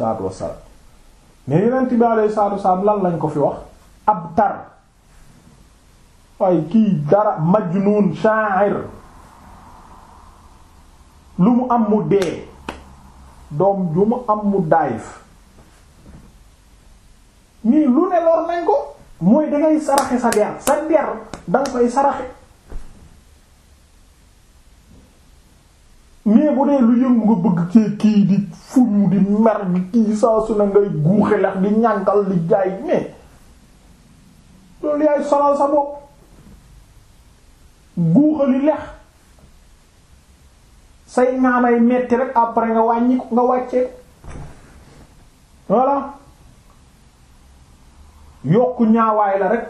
salaatu wassalaam mais yonent bi alayhi salaatu wassalaam lan lañ ko fi wax ab tar waaye kii dara majnuun sha'ir lu mu am mu dee doom ju mu am mu daayif nii lu ne lor nañ ko mooy dangay saraxe sa der sa der danga koy saraxe mais bu dee lu yëngu nga bëgg cee kii di fuñu di mer bi kii saa su na ngay guuxe lax di ñànkal di jaay mais loolu yaay sonal sa bopp guuxali lex say naanay metti rek après nga wàññi nga wàcce voilà yokku ñaawaay la rek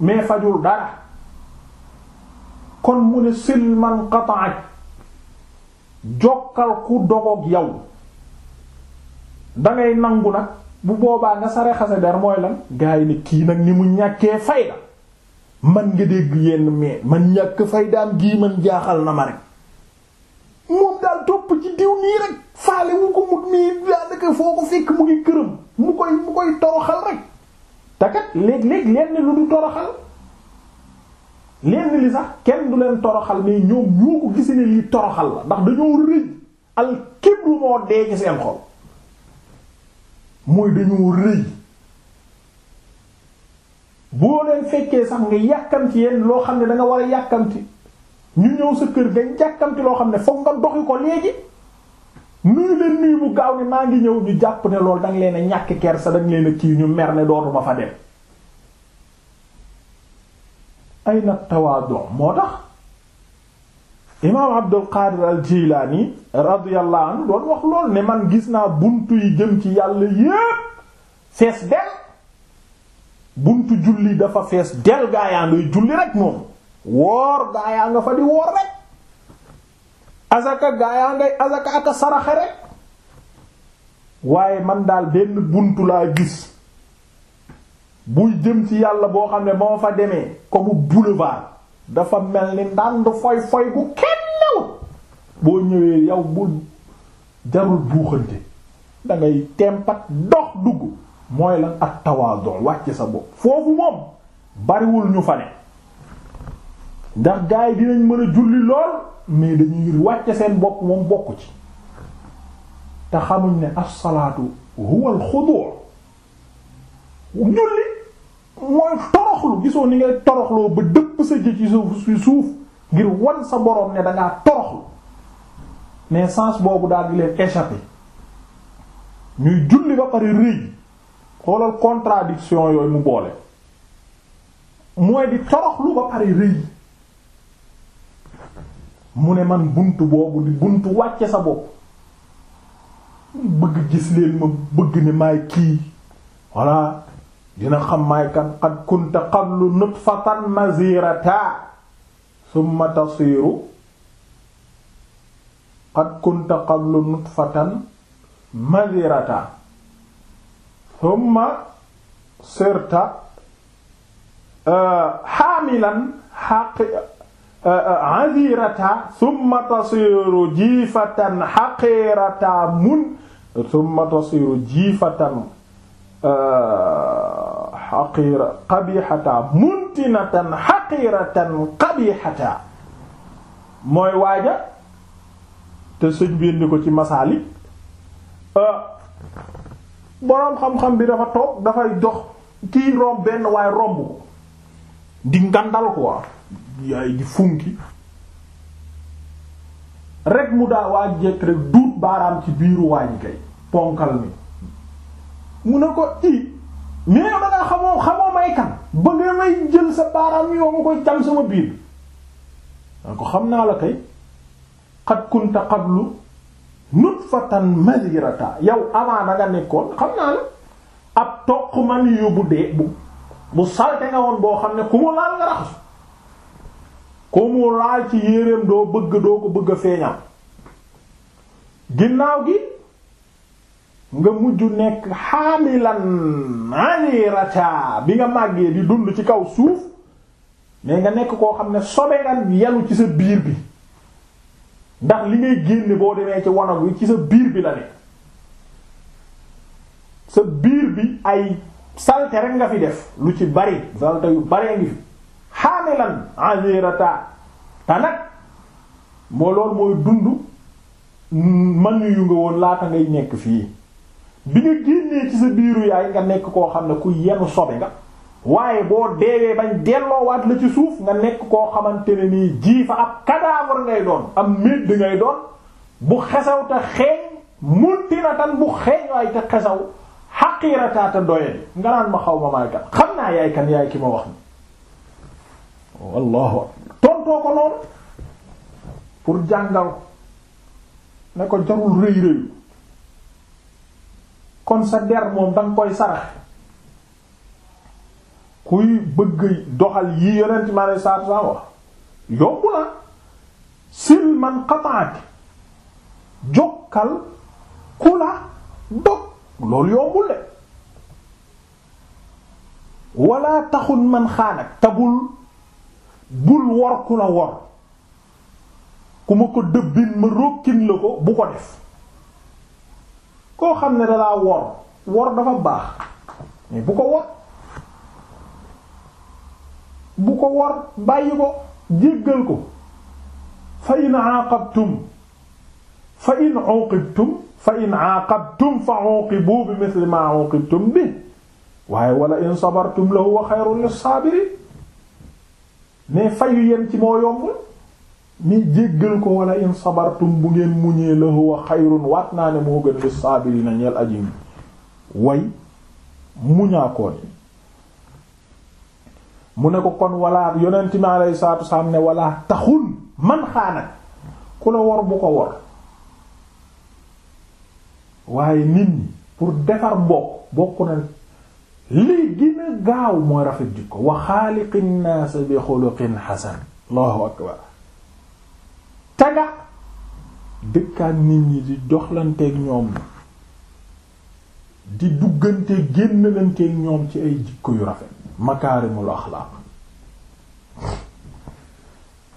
mais fajul dara kon mu ne silman qata'at jokkal ku dogoog yow dangay nangu nag bu boobaa nga sare xase mooy lan gaa yi kii nag ni mu ñàkkee fayda man nga dégg yenn mais man ñàkk faydaam gii man jaaxal na ma rek moom daal topp ci diw nii rek faale wu ko mut mii daanaka foo ko fekk mu ngi këram mu koy mu koy toroxal rek takat léeg-léeg lenn lu du toroxal lenn li sax kenn du leen toroxal mais ñoom ñoo ko gis ne lii toroxal la ndax dañoo rëy al kibru moo dee ci seen xol mooy dañoo rëy boo leen fekkee sax nga yàkkamti yenn loo xam ne da nga war a yàkkamti ñu ñëw sa kër nga yàkkamti loo xam ne fokk nga doxi ko léegi nuyu leen nuyu bu gaaw ni maa ngi ñëw ñu jàpp ne lool da leen ñàkk ker da nga leen a kii ñu mer ne dootuma fa dem. ayna tawaadu moo tax imaam Abdul Qaadir al Jilaani radiyallahu anhu doon wax lool ne man gis naa buntu yi jëm ci yàlla yépp fees del buntu julli dafa fees del gaa yaa ngay julli rek moom woor gaa yaa nga fa di woor rek azaka gaa yaa ngay azaka ak a rek waaye man daal benn buntu laa gis buy jëm ci yàlla boo xam ne ba ma fa demee comme boulevard dafa mel ni ndànd foy foy gu kenn boo ñëwee yow bu jarul buuxante dangay tempat dox dugg mooy la ak tawaadon wàcce sa bopp foofu moom bariwul ñu fa ne ndax gaay yi dinañ mën a julli lool mais dañuy wàcce seen bopp moom bokku ci te xamuñ ne as-salaatu huwa al julli mooy toroxlu gisoo ni ngay toroxloo ba dëpp sa jë ci suuf suuf ngir wan sa borom ne dangaa toroxlu mais sens boobu daal di leen échappé ñuy julli ba pare rëy xoolal contradiction yooyu mu boole mooy di toroxlu ba pare rëy mu ne man buntu boobu di buntu wàcce sa bopp bëgg gis leen ma bëgg ne maay kii voilà dina xam maay kan qad kunta qablu nutfatan mazirata summa tasiru qad kunta qablu nutfatan mazirata summa sirta xaamilan euh, xaqi euh, euh, azirata summa tasiru jiifatan xaqirata mun summa tasiru jiifatan xaqiira qabixataa muntinatan xaqiiratan qabixataa mooy waaja te sëñ bi indi ko ci masaalik boroom xam-xam bi dafa toog dafay jox kiy romb benn waaye romb ko di ngandal quoi ah. yaay di funki rek mu daa waaj jekk rek duut baaraam ci biiru waaji kay ponkal mi mu ne ko i mais ma nga xamoo xamoo may kan ba nga may jël sa baaraam yoo ma koy cam sama biir danga ko xam naa la kay xat kunta qablu nutfatan mazirata yow avant da nga nekkoon xam naa la ab toq man yu bu dee bu bu salte nga woon boo xam ne ku mu laal nga raxasu ku laal ci yéreem doo bëgg doo ko bëgg a feeñal ginnaaw gi nga mujj nekk xaamilan anirata bi nga màggee di dund ci kaw suuf mais nga nekk koo xam ne sobeeran yelu ci sa biir bi ndax li ngay génne boo demee ci wanag wi ci sa biir bi la nekk sa biir bi ay salte rek nga fi def lu ci bari salte yu baree ngi fi xaamilan anirata te nag moo loolu mooy dund man yu nga woon laata ngay nekk fii bi nga génnee ci sa biiru yaay nga nekk koo xam ne ku yenu sobe nga waaye boo deewee bañ delloowaat la ci suuf nga nekk koo xamante ne nii jiifa ab cadavre ngay doon am médd ngay doon bu xesaw te xeeñ multinatan bu xeeñ waaye te xesaw xaqiirataata doyee nga naan ma xaw ma maay kan xam naa yaay kan yaay ki ma wax ni wallahu tontoo ko noonu pour jàngal ne ko jarul rëy rëyu kon sa der moom danga koy sarax kuy bëgg doxal yi yonent ma ne saar saa wax yomb na sil man xamaat jokkal ku la dog loolu yombul de wala taxun man xaanak tabul bul wor ku la wor ku ko dëbbin ma rokkin la ko bu ko def koo xam ne dalaa wor wor dafa baax mais bu ko wor bu ko wor bàyyi ko jéggal ko fa in aaqabtum fa in uqibtum fa in aaqabtum fa uqibu bi mithli ma uqibtum bi waaye wala in sabartum lahu wa xayrun lis-saabiriin mais fayu yem ci moo yombul mi jéggal ko wala in sabartum bu ngeen muñee la huwa xayrun waat naa ne moo gën li saabirina ñeel aji way muñaakoon mu ne ko kon wala yonent mi alayhi salaatu ne wala taxul man xaanak ku la war bu ko war waaye nit ñi pour defar mbokk bokk na lii gën a gaaw mooy rafet jikko wa xaaliqin naas bi xuluqin xasan allahu akbar taga dëkkaat nit ñi di doxlanteeg ñoom di duggante génnlanteeg ñoom ci ay jikko yu rafet makaarimul axlaaq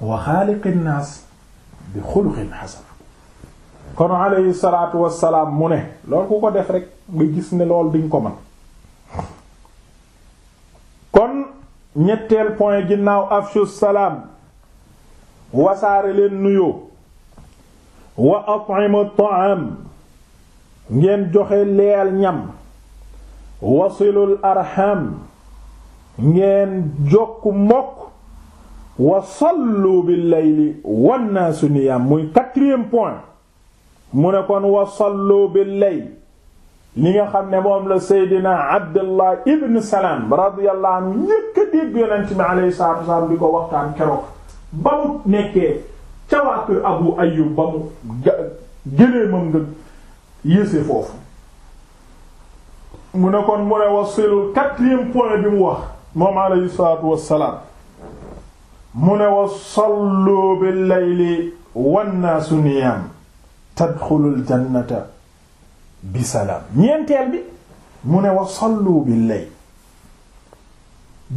wa xaaliqin naas bi xuluqin xasan kon alayhi salaatu wassalaam mu ne loolu ku ko def rek nga gis ni lool diñ ko mën kon ñetteel point ginnaaw afshu salaam wasaare leen nuyoo wa at'imu ta'am ngeen joxe leel ñam wasilul arham ngeen jokk mbokk wa sallu bil layli wan naasu niyaam muy point mu ne kon wa sallu bil li nga xam ne moom la seydina abdullah ibn salaam radiyallahu anhu ñëkk a dégg yonent salaam di ko waxtaan keroog ba mu nekkee ca waa Abu Ayyub ba mu gëléemam nga yéese foofu mu ne kon mu ne wasilul quatrième point bi mu wax moom alayhi salaatu wassalaam mu ne wa sallu bil layli wannaasu niyaam tadxulul jannata bi salaam ñeenteel bi mu ne wa sallu layli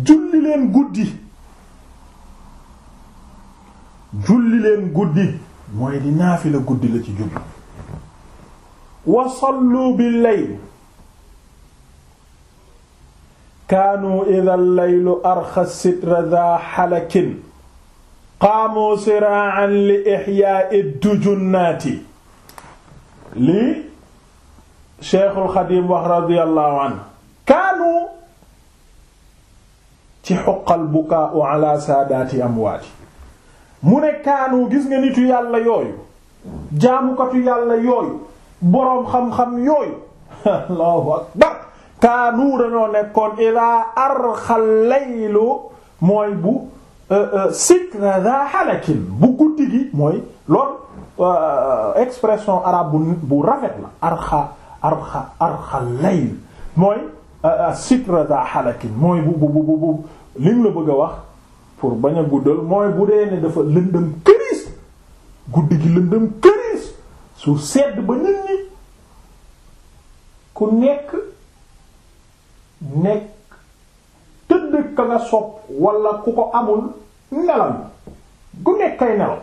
julli leen guddi julli leen guddi mooy di naafila guddi la ci jublu wa sallu bil layl kaanu idha laylu arxa sitra dha xalakin qaamu siraan li ixyaai dujunnaati li cheikhul xadim wax radiyallahu anhu kaanu ci xuqal bukaau ala saadaati amwaati mu ne kaanu gis nga nitu yàlla yooyu jaamukatu yàlla yooyu boroom xam-xam yooyu allahu akbar kaanu dañoo nekkoon ilaa arxal laylu mooy bu euh, euh, sikra za halakin bu guddi gi mooy lool euh, expression arabe bu rafet la arxa arxa arxal layl mooy sikra za halakin mooy bu bu bu bu lim la bëgg a wax pour bañ a guddal mooy bu dee ne dafa lëndëm këriis guddi gi lëndëm këriis su sedd ba nit ñi ku nekk nekk tëdd ka nga sopp wala ku ko amul nelaw ku nekk kay nelaw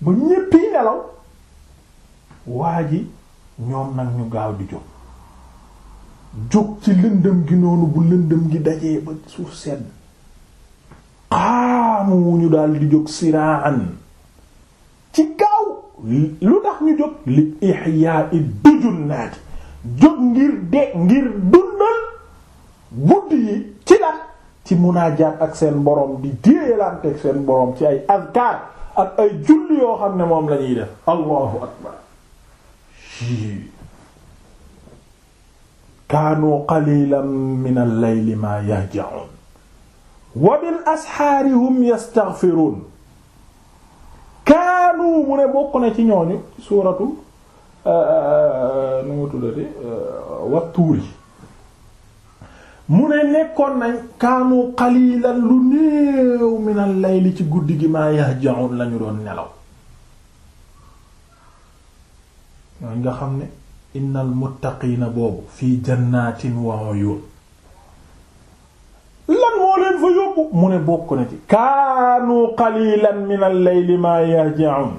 ba ñépp yi nelaw waa ji ñoom nag ñu gaaw di jóg jóg ci lëndëm gi noonu bu lëndëm gi dajee ba suuf sedd qaamu ñu daal di jóg siraan ci gaaw lu tax ñu jóg li ihyaa'i dujunnaati jóg ngir de ngir dundal guddi yi ci lan ci munaajaat ak seen borom di déeyalante ak seen borom ci ay azkaar ak ay julli yoo xam ne moom lañuy def allahu akbar kaanu qalilan min al-layli ma yahja'un wa bil asxaari hum yastaghfiruun kaanu mu ne bokk na ci ñooñu suuratul euh, euh, nu mu tuddati euh, tuuri mu ne nekkoon nañ kaanu qalilan lu néew minal layli ci guddi gi maa yahja'un lañu doon nelaw ñooñ nga xam ne innal muttaqiina boobu fii jannatin wa uyun leen ci kaanu qalilan min al ma yahja'un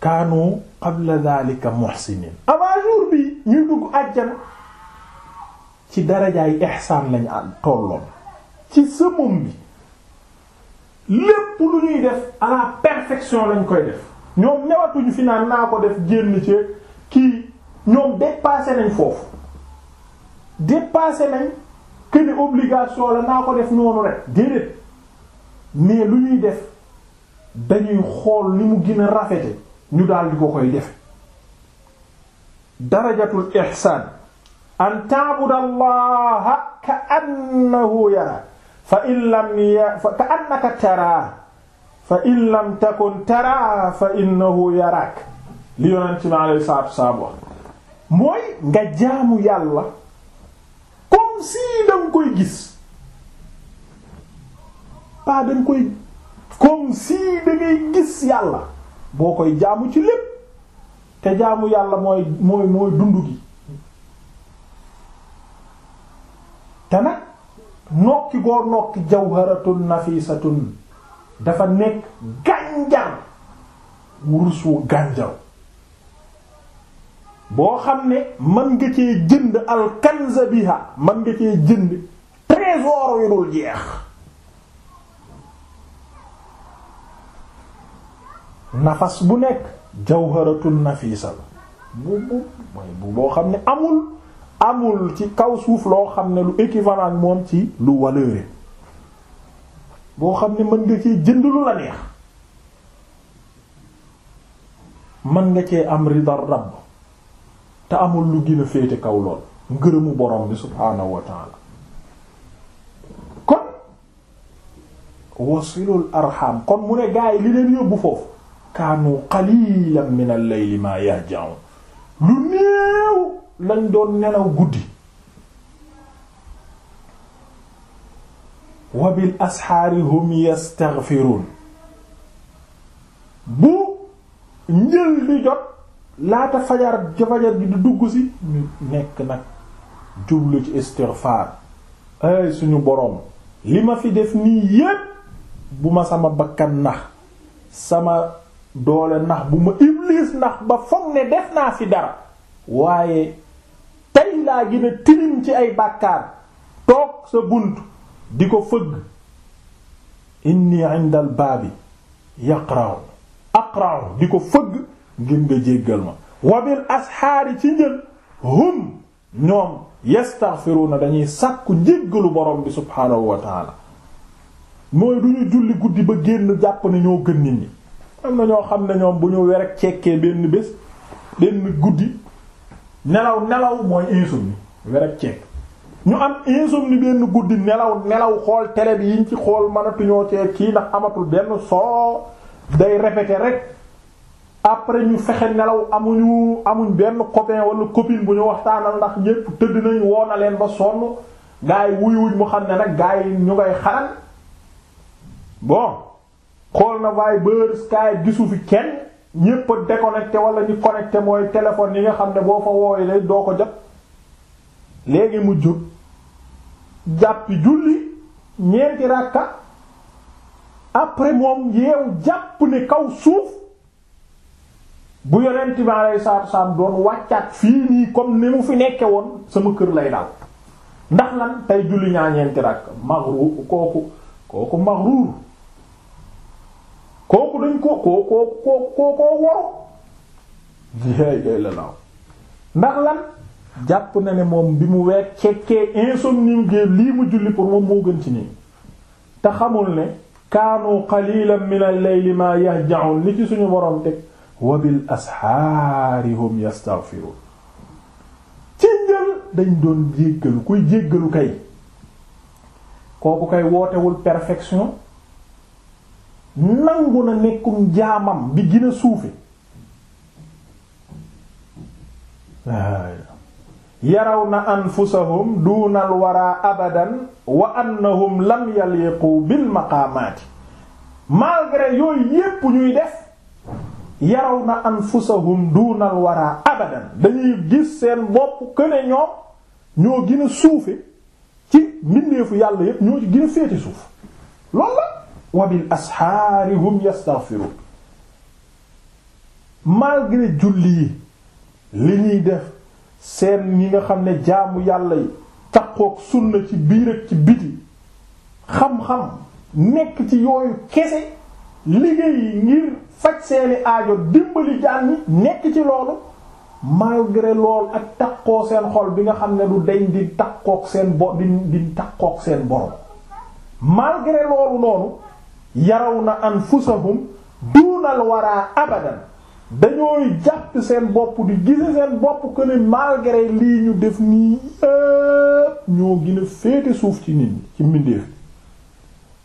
kaanu qabla dhalika muhsinin avant jour bi ñuy ci darajaay ihsaan lañu tolloon ci sëmum bi lépp lu ñuy def à la perfection lañ koy def ñoom newatuñu fi naan naa ko def génn ci kii ñoom dépassé nañ foofu dépassé nañ que obligation la naa ko def noonu rek déedéet mais lu ñuy def dañuy xool ni mu gën a rafete ñu daal di ko koy defe darajatul ihsaan an ta'budallaha ka annahu yara fa ya ka annaka taraa fa in lam takun taraa fa innahu yaraak li yonent mi alayhi salaatu wa mooy nga jaamu yàlla comme si danga koy gis pas danga dangay gis yàlla boo koy jaamu ci lépp te jaamu yàlla mooy mooy mooy dund gi te nag nokki goo nokki jawharatun nafisatun dafa nekk gànjar wurus wu gànjar boo xam ne mën nga cee jënd alkanza biha mën nga cee jënd trésor yu dul jeex nafas bu nekk jawharatun nafisal la bu bu boo xam ne amul amul ci kaw suuf loo xam ne lu équivalent moom ci lu waleure boo xam ne mën nga cee jënd lu la neex mën nga cee am ridar rabb te amul lu gën a féete kaw lool ngërëmu borom bi subhaanahu wa kon wasilul arham kon mu ne gaa yi li leen yóbbu foofu kaanu qalilan min al-layli ma lu néew lañ doon nelaw guddi wa bi asxaari hum yastaghfirun bu njël di jot laata fajar fajar bi di dugg si ñu nekk nag jublu ci istighfar ay suñu boroom li ma fi def nii yépp bu ma sama bakkan nax sama doole nax bu ma iblis nax ba foog ne def naa fi dara waaye tey laa gën ne tilim ci ay bàkkaar toog sa bunt di ko fëgg inni indal baabi yaqra'u aqra'u di ko fëgg ngir nga jéggal ma wabil asxaari ci njël hum ñoom yastaghfiruna dañuy sàkku njéggalu borom bi subhaanahu wa mooy du ñu julli guddi ba génn jàpp ne ñoo gën nit ñi am na ñoo xam ne ñoom bu ñu werek cekkee benn bés benn guddi nelaw nelaw mooy insomnie werek cekk ñu am insomnie benn guddi nelaw nelaw xool télé bi yiñ ci xool mënatuñoo cee kii na amatul benn soo day répété rek après ñu fexe nelaw amuñu amuñ benn copain wala copine bu ñu waxtaanal ndax ñépp tëdd nañu woo na leen ba sonn gaa yi wuyuwuñ mu xam ne nag gaa yi ñu ngay xaran bon xool na Viber Skype gisu fi kenn ñépp a déconnecté wala ñu connecté mooy téléphone yi nga xam ne boo fa woowee lay doo ko jot léegi mu jóg jàppi julli ñeenti ràkka après moom yeewu jàpp ne kaw suuf bu yonent bi alayhi salaatu wasalaam doon wàccaat fii nii comme ni mu fi nekke woon sama kër lay daal ndax lan tey julli ñaañeenti rakk magruur kooku kooku magruur kooku dañ ko koo koo koo koo woro yéey day la laaw ndax lan jàpp na ne moom bi mu weer cekkee insomnie géer lii mu julli pour moom moo gën ci nii te xamul ne kaanu qalilan min al-layli ma yahja'un li ci suñu borom teg wa bil asxaari hum yastaghfirun ci njël dañ doon jéggalu kuy jéggalu kay kooku kay wootewul perfection nangu na nekkum jaamam bi gën a suufe yaraw na anfusahum duunal waraa abadan wa annahum lam yaliqu bil maqaamaati malgré yooyu yépp ñuy def yaraw na anfusahum duunal waraa abadan dañuy gis seen bopp këne ñoom ñoo gën a ci mbindeefu yàlla yépp ñoo ci gën a féeti suuf loolu la wa bil asxaari hum yastaghfirun malgré julli yi li ñuy def seen ñi nga xam ne jaamu yàlla yi taqoog sunna ci biir ak ci biti xam-xam nekk ci yooyu kese liggéey ngir faj seeni aajo dimbali jaan ñi nekk ci loolu malgré lool ak takkoo seen xol bi nga xam ne du deñ di takkook seen bo di di takkook seen borom malgré loolu noonu yaraw na anfusahum duunal waraa abadan dañooy jàpp seen bopp di gise seen bopp que ne malgré lii ñu def nii ñoo gën féete suuf ci nit ñi ci mbindeef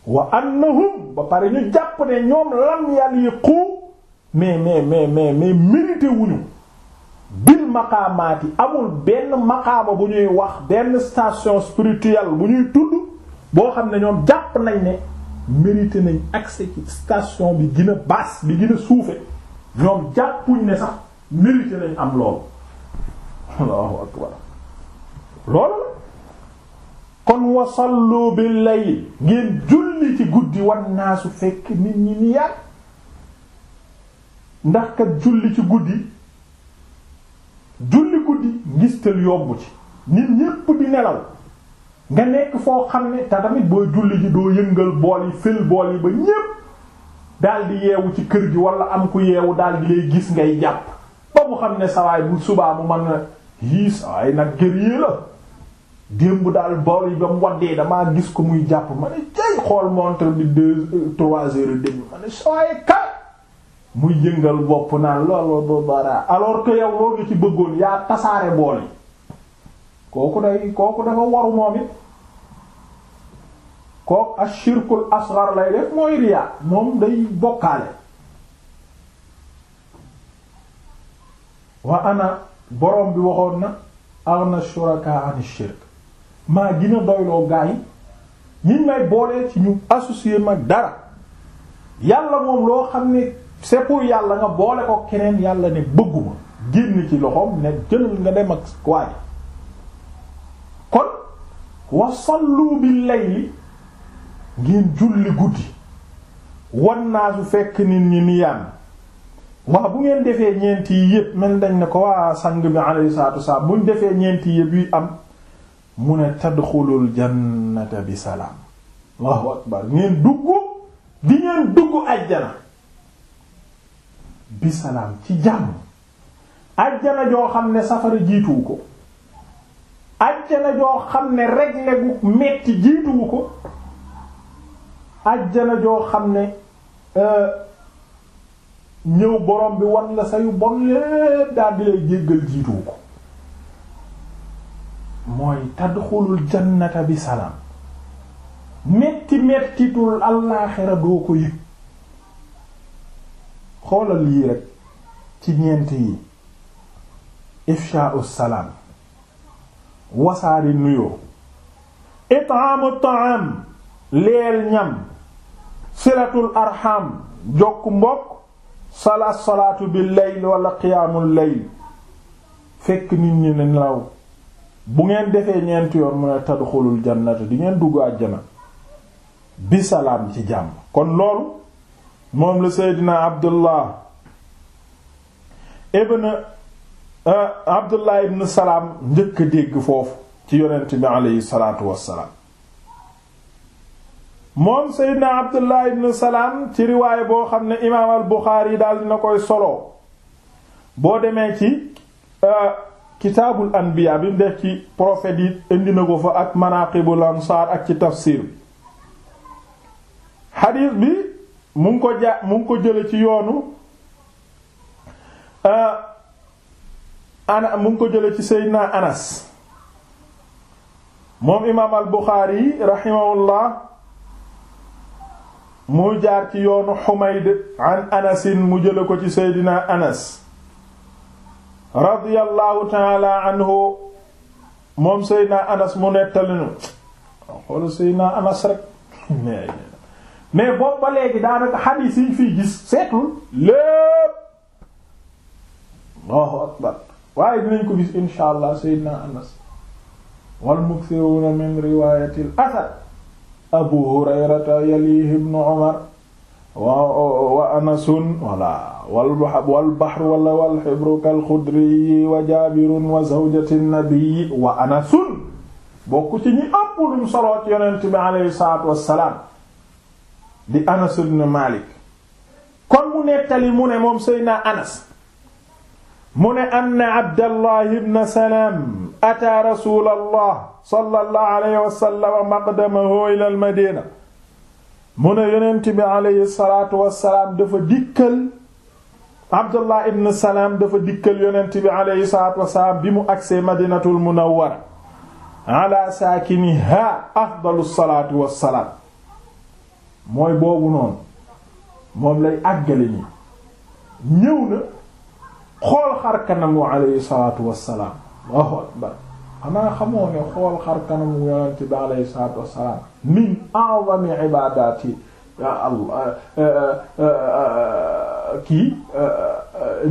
wa annahum ba pare ñu jàpp ne ñoom lam yaliqu mais mais mais mais mais mérité wuñu bil maqaamaati amul benn maqaama bu ñuy wax benn station spirituelle bu ñuy tudd boo xam ne ñoom jàpp nañ ne mérité nañ accès ci station bi gën a basse bi gën a suufe ñoom jàppuñ ne sax mérité nañ am loolu allahu akbar loolu kon wasallu bil layl ngeen julli ci guddi wan naasu fekk nit ñi ni yar ndax kat julli ci guddi julli guddi ngistal yobbu ci nit ñépp di nelaw nga nekk foo xam ne te tamit boo julli ji doo yëngal bool yi fël bool yi ba ñépp daldi yeewu ci kër gi wala am ku yeewu daldi lay gis ngay jàpp ba mu xam ne sawaay bu subaa mu mën na yii sawaay nag gër yée la démb daal bool yi ba mu waddee damaa gis ko muy jàpp ma ne jay xool montre bi deux trois heures et ma ne sooye kat muy yëngal bopp naan loolu ba bara alors que yow loolu ci bëggoon yaa tasaare bool yi kooku day kooku dafa waru moom it kooku ashirkul asghar lay def mooy riyaa moom day bokkaale wa ana borom bi waxoon na aghna shuraka an shirk maa gën doyloo gaa yi ñi may booleel ci ñu associé mag dara yàlla moom loo xam ne c'est yàlla nga boole ko keneen yàlla ne bëgguma génn ci loxoom ne jëlal nga dem ak waa ji kon wa sallu bil layli ngeen julli guddi wan naa su fekk nit ñi ni yàlla wax bu ngeen defee ñeenti yépp mel dañ ne ko waa sang bi alayhi salaatu wasallam buñ defee ñeenti yépp yuy am mu ne tadxulul jannata bi salaam allahu akbar ngeen dugg di ngeen dugg ajjana bi salaam ci jàmm ajjana joo xam ne safara jiituwu ko ajjana joo xam ne regle gu metti jiituwu ko ajjana joo xam ne euh, ñëw borom bi wan la sayu bon lépp daal di jéggal jiituwu ko mooy tadxulul jannata bi salaam metti mettitul allaaxira doo ko yëg xoolal yii rek ci ñeent yi ifshaa'u salaam wasaari nuyoo it'aamu ta'aam leel ñam silatul arxam jokk mbokk salaat salaatu bi layl wala qiyaamul layl fekk nit ñi nelaw bu ngeen defee ñeenti yoon mu ne tadxulul jannata di ngeen dugg àjjana bi salaam ci jàmm kon loolu moom la seydina abdullah ibn euh, abdullah ibn salaam njëkk dégg foofu ci yonent bi aleyhi salaatu wassalaam moom seydina abdullah ibn salaam ci riwaay boo xam ne imaam al buxaari yi daal dina koy solo boo demee ci euh, kitaabul anbiya bi mu ci prophètes yi indi na ko fa ak manaqibul ansaar ak ci tafsir bi xadiis bi mu ko ja mu ngi ko jële ci yoonu euh, ana mu ko jële ci seydina anas moom imaam al buxaari raximahullah muy jaar ci yoonu xumayd an anasin mu jële ko ci seydina anas radiyallahu taala anhu moom Seydina Anas mu nettalinu xool Seydina Anas rek mais boobu ba léegi daanaka xadiis yi fii gis seetul lépp Allahu akbar waaye dinañ ko gis insha allah Seydina Anas wal mukthiruna min riwaayati al-athar Abu Hurayrata yalihi ibnu Umar wa anasun wala wal bahru wala wal hibru kal xudri wa jaabirun wa zawjati nabi wa anasun bokk ci ñi ëpp luñ solo ci yonent bi aleyhi salaatu wassalaam di anas ibn malik kon mu nettali mu ne moom seydna anas mu ne anna abdallah ibn salaam ataa rasuulallah sallallahu alayhi wa sallam maqdamahu ila al madina mu ne yonent bi aleyhi salaatu wassalaam dafa dikkal abdullah ibn salaam dafa dikkal yonent bi aleyhi salaatu wassalaam bi mu agsee madinatul munawwara ala saakiniha afdalu salaatu wassalaam mooy boobu noonu moom lay àggale ni ñëw na xool xar kanamu aleyhi salaatu wassalaam Allahu akbar xanaa xamoo ne xool xar kanamu yonent bi alayhi salaatu wassalaam min a'zami ibaadaati Allah eh, eh, eh, kii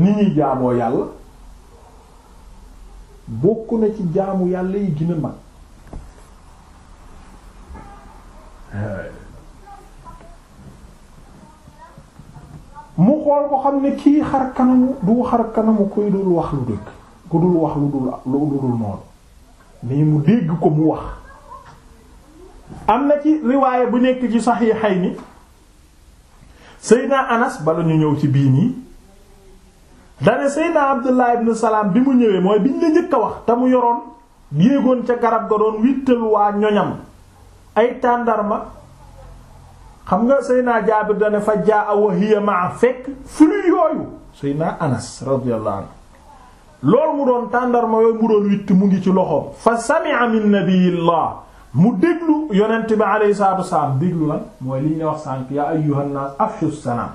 ni ñuy jaamoo yàlla bokk na ci jaamu yàlla yi gën a mag mu xool ko xam ne kii xar kanamu du xar kanamu kuy dul wax lu dëgg ku dul wax lu dul lu dul noonu mais mu dégg ko mu wax am na ci riwaaya bu nekk ci xay ni Seydina Anas bala ñu ñëw ci bii nii dane Seydina Abdullah Salaam bi mu ñëwee mooy biñ la njëkk a wax te mu yoroon yéegoon ca garab ga doon wittal waa ñoñam ay tàndarma xam nga Seydina Jaabir dane fa jaa a wahiya maa fekk furi yooyu Seydina Anas radiyallahu anhu loolu mu doon tàndarma yooyu mu doon witt mu ngi ci loxoom fa sami'a min nabiyillah mu déglu yonent bi alayhi salaatu wasalaam déglu lan mooy li ñu wax sànk yaa ayyuhan naas afshu salaam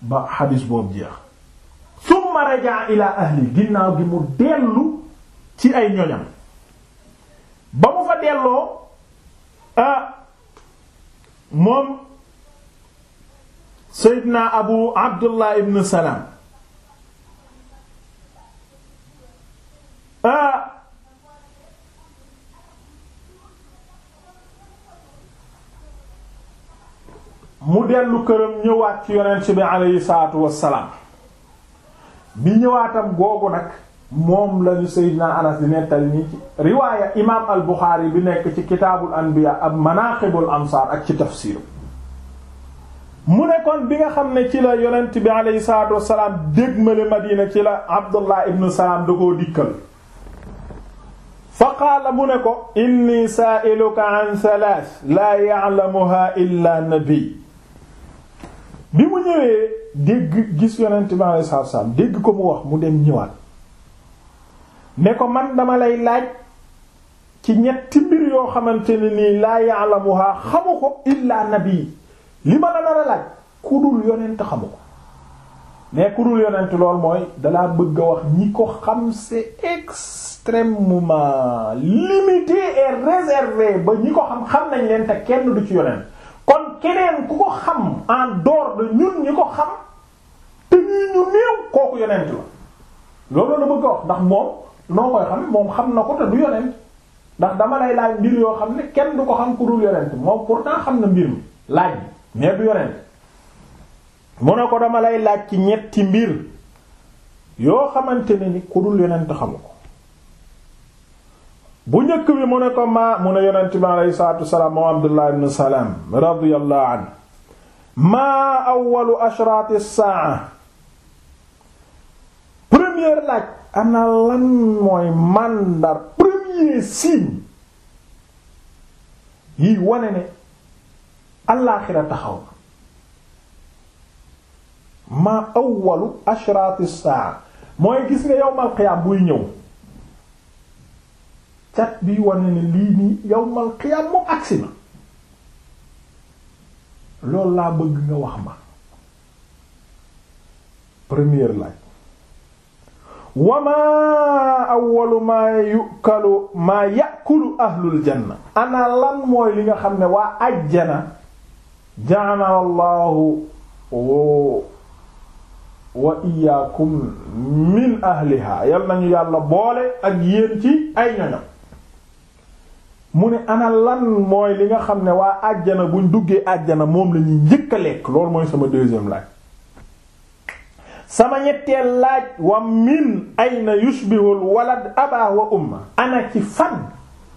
ba xadis boobu jeex summa rajaa ila ahli ginnaaw gi mu dellu ci ay ñoñam ba mu fa delloo moom Seydina Abu Abdullah ibn Salam ah mu dellu këram ñëwaat ci yonent bi aleyhi salaatu wassalaam bi ñëwaatam googu nag moom lañu Seydina Anas di nettali nii riwaaya imaam al Buxaari bi nekk ci kitaabul anbiya ak manaaqibul ansaar ak ci tafsiir mu ne kon bi nga xam ne ci la yonent bi aleyhi salaatu wassalaam dégmale Madina ci la Abdullah ibnu Salaam da koo dikkal qaala mu ne ko inni saailuka an thalath laa ya'lamuha illa nabi bi mu ñëwee dégg gis yonent bi alayhi salaatu salaam dégg ko mu wax mu dem ñëwaat ne ko man dama lay laaj ci ñetti mbir yoo xamante ne nii laa ya'lamuha xamu ko illa nabi li ma la nar laaj ku dul yonent xamu ko mais ku dul yonent lool mooy dalaa bëgg a wax ñi ko xam c'est extrêmement limité et réservé ba ñi ko xam xam nañ leen te kenn du ci yonent kon keneen ku ko xam en dehors de ñun ñi ko xam te ñuy ñu néew kooku yonent la loolu la bëgg a wax ndax moom noo koy xam moom xam na ko te du yonent ndax dama lay laaj mbir yoo xam ne kenn du ko xam ku dul yonent moom pourtant xam na mbir mi laaj mais du yonent mu ne ko dama lay laaj ci ñetti mbir yoo xamante ni ku dul yonent xamu ko bu njëkk bi mu ne ko maa mu ne yonent bi aleyhi salaatu wasalaam moom Abdullah ibn Salaam radiyallahu saa première laaj ana mooy màndar premier signe yi wane ne allaaxira taxaw maa awwalu ashrati saa mooy gis nga yawmal qiyaam buy ñëw cat bi wane ne lii nii yawmal qiyaam moom agsi na loolu laa bëgg nga wax ma première laaj wa maa awwalu maa yukalu maa yakulu ahlul janna ana lan mooy li nga xam ne waa ajjana ja'ala allahu wa iyaakum min ahliha yal nañu yàlla boole ak yéen ci ay ñoñam mu ne anal lan mooy li nga xam ne waa àjjana buñ duggee àjjana moom lañuy ñuy njëkk lekk loolu mooy sama deuxième laaj sama ñetteel laaj wa min ayna yushbihul walad aba wa umma ana ci fan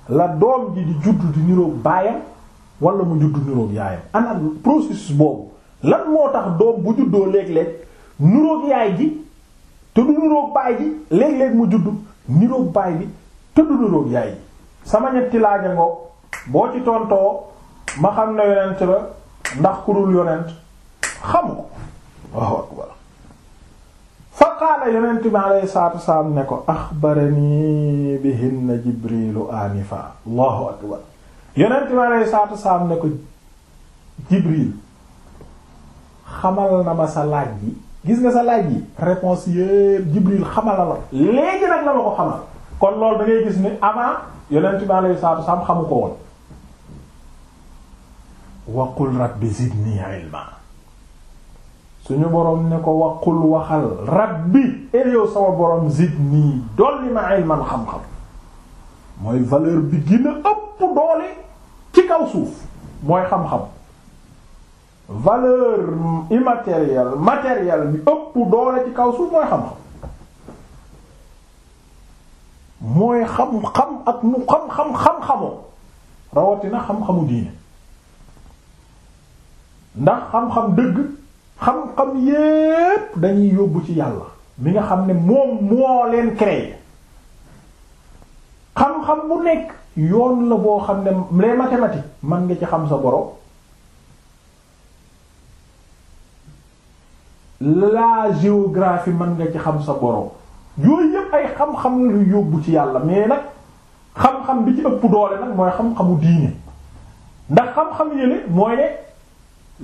la doom ji di juddu di niroog baayam wala mu juddu niroog yaayam ana processus boobu lan moo tax doom bu juddoo léeg-léeg nuroog yaay ji te nuroog baay ji léeg-léeg mu juddu niroog baay bi te du nuroog yaay ji sama ñetti laaja ngoog boo ci tontoo ma xam ne yonent la ndax ku dul yonent xamu ko waaw akbar fa qaala yonent bi alayhi salaatu wasalaam ne ko axbarani xamal na ma sa laaj bi gis nga sa laaj yi réponse yëpp Jibril xamal la léegi nag la ko xamal kon loolu dangay gis ni avant yonent bi alayhi salaatu wa salaam xamu ko woon waqul rabbi zidni ilma suñu boroom ne ko waqul waxal rabbi yow sama boroom zidni dolli ma ilman xam-xam mooy valeur bi gën ëpp doole ci kaw suuf mooy xam-xam valeur immatérielle matérielle bi ëpp doole ci kaw suuf mooy xam-xam mooy xam-xam ak mu xam-xam xam-xamoo rawatina xam-xamu diine ndax xam-xam dëgg xam-xam yépp dañuy yóbbu ci yàlla mi nga xam ne moom moo leen créé xam-xam bu nekk yoon la boo xam ne les mathématiques mën nga ci xam sa borom la géographie mën nga ci xam sa borom yooyu yëpp ay xam-xam lu yóbbu ci yàlla mais nag xam-xam bi ci ëpp doole nag mooy xam-xamu diine ndax xam-xam yële mooy ne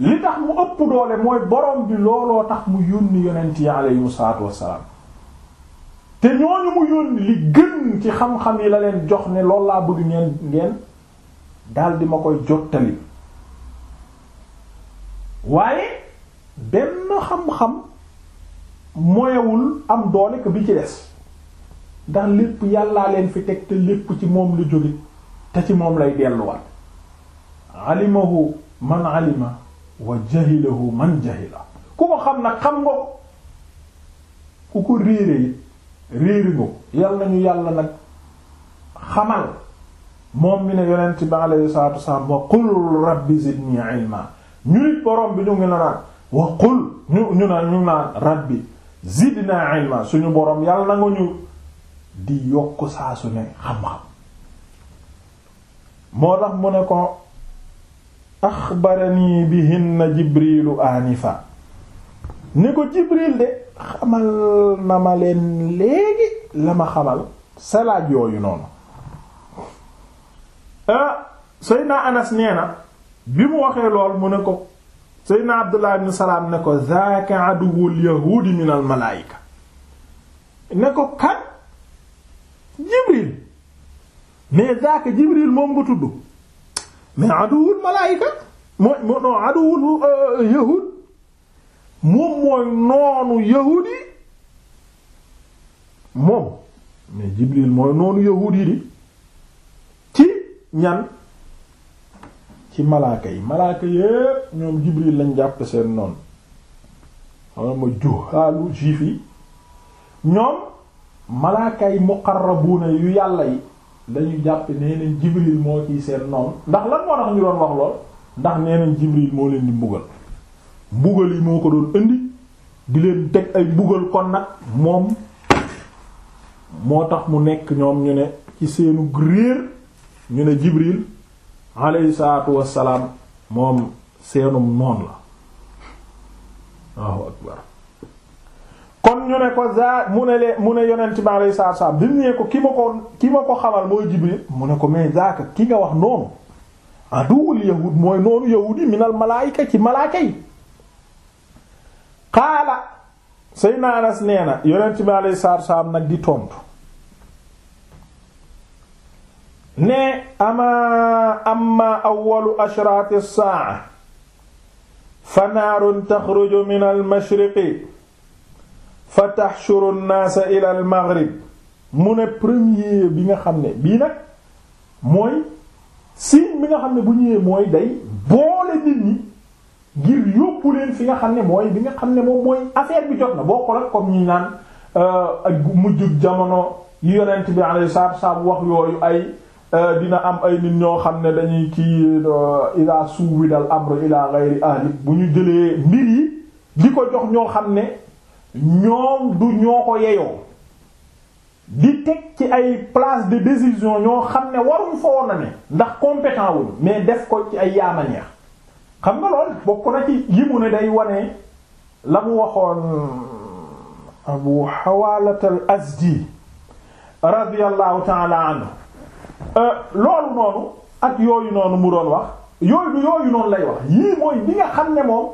li tax mu ëpp doole mooy borom bi looloo tax mu yónni yonent yi aleyhim salaatu wassalaam te ñooñu mu yónni li gën ci xam-xam yi la leen jox ne loolu laa bëgg ngeen ngeen daal ma koy jottali waaye benn xam-xam moyewul am doole ko bi ci des ndax lépp yàllaa leen fi teg te lépp ci moom lu jóge te ci moom lay delluwaat alimahu man alima wa jahilahu man jahila ku ko xam nag xam nga ko ku ko réere it réeri nga yal nañu yàlla nag xamal moom mi ne yonent bi alayhi salaatu salaam wa qul rabbi zidni ilma ñu nit borom bi ñu ngi la naan wa qul ñu ñu naan ñu naan rabbi zidna suñu boroom yàlla na nga ñu di yokk saa su ne xam-xam moo tax mu ne ko axbarani bihinna jibrilu anifa ni ko jibril de xamal na ma leen léegi la ma xamal salaaj yooyu noonu ah naa Anas nee na bi mu waxee lool mu ne ko seydna abdullah ibn salaam ne ko zaaka aduwul yahuudi min al malaayika ne ko kan jibril mais zaaka jibril moom nga tudd mais aduwul malaayika mooy non euh, noonu yahuud moom mais jibril mooy noonu yahuud di ci ñan ci malaaka yi malaaka yépp ñoom jibril lañ jàpp seen noonu xamaa ma juhaalu juif yi ñoom malaaka yi muqarrabuuna yu yàlla yi dañu jàpp nee nañ jibril moo ciy seen noonu ndax lan moo tax ñu doon wax lool ndax nee nañ jibril moo leen di mbugal mbugal yi moo ko doon indi di leen teg ay mbugal kon nag moom moo tax mu nekk ñoom ñu ne ci seenu réer ñu ne jibril alayhi salaatu wassalaam moom seenum noon la Allahu akbar kon ñu ne ko za mu ne lee mu ne yonent bi alayhi salaatu wassalaam bi mu ne ko ki ma ko ki ma ko xamal mooy Jibril mu ne ko mais zaaka ki nga wax noonu aduwul yahud mooy noonu yahud yi minal malaayika ci malaaka yi xaala Seydina Anas nee na yonent bi alayhi salaatu wassalaam nag di tontu ne ama amma awwalu ashraati as-saa'a fa naarun taxruju min al-mashriqi fa taxshuru an-naasa ila al-maghrib mu ne premier bi nga xam ne bii nag mooy si bi nga xam ne bu ñëwee mooy day boole nit ñi ngir yóbbu leen fi nga xam ne mooy bi nga xam ne moom mooy affaire bi jot na boo ko rek comme ñi naan euh, ak mujjug jamono yi bi alayhi salaatu wa wax yooyu ay Euh, dina am ay nit ñoo xam ne dañuy kii euh, ila suwidal amru ila ghayri ahli bu ñu jëlee mbir yi di ko jox ñoo xam ne ñoom du ñoo ko yeyoo di teg ci ay place de décision ñoo xam ne waruñ foo na ne ndax compétent wuñ mais def ko ci ay yaamañeex xam nga lool bokk na ci yi mu ne day wane la mu waxoon abu xawalat al asdi radiyallahu ta'ala anhu Euh, loolu noonu ak yooyu noonu mu doon wax yooyu du noonu lay wax yii mooy bi nga xam ne moom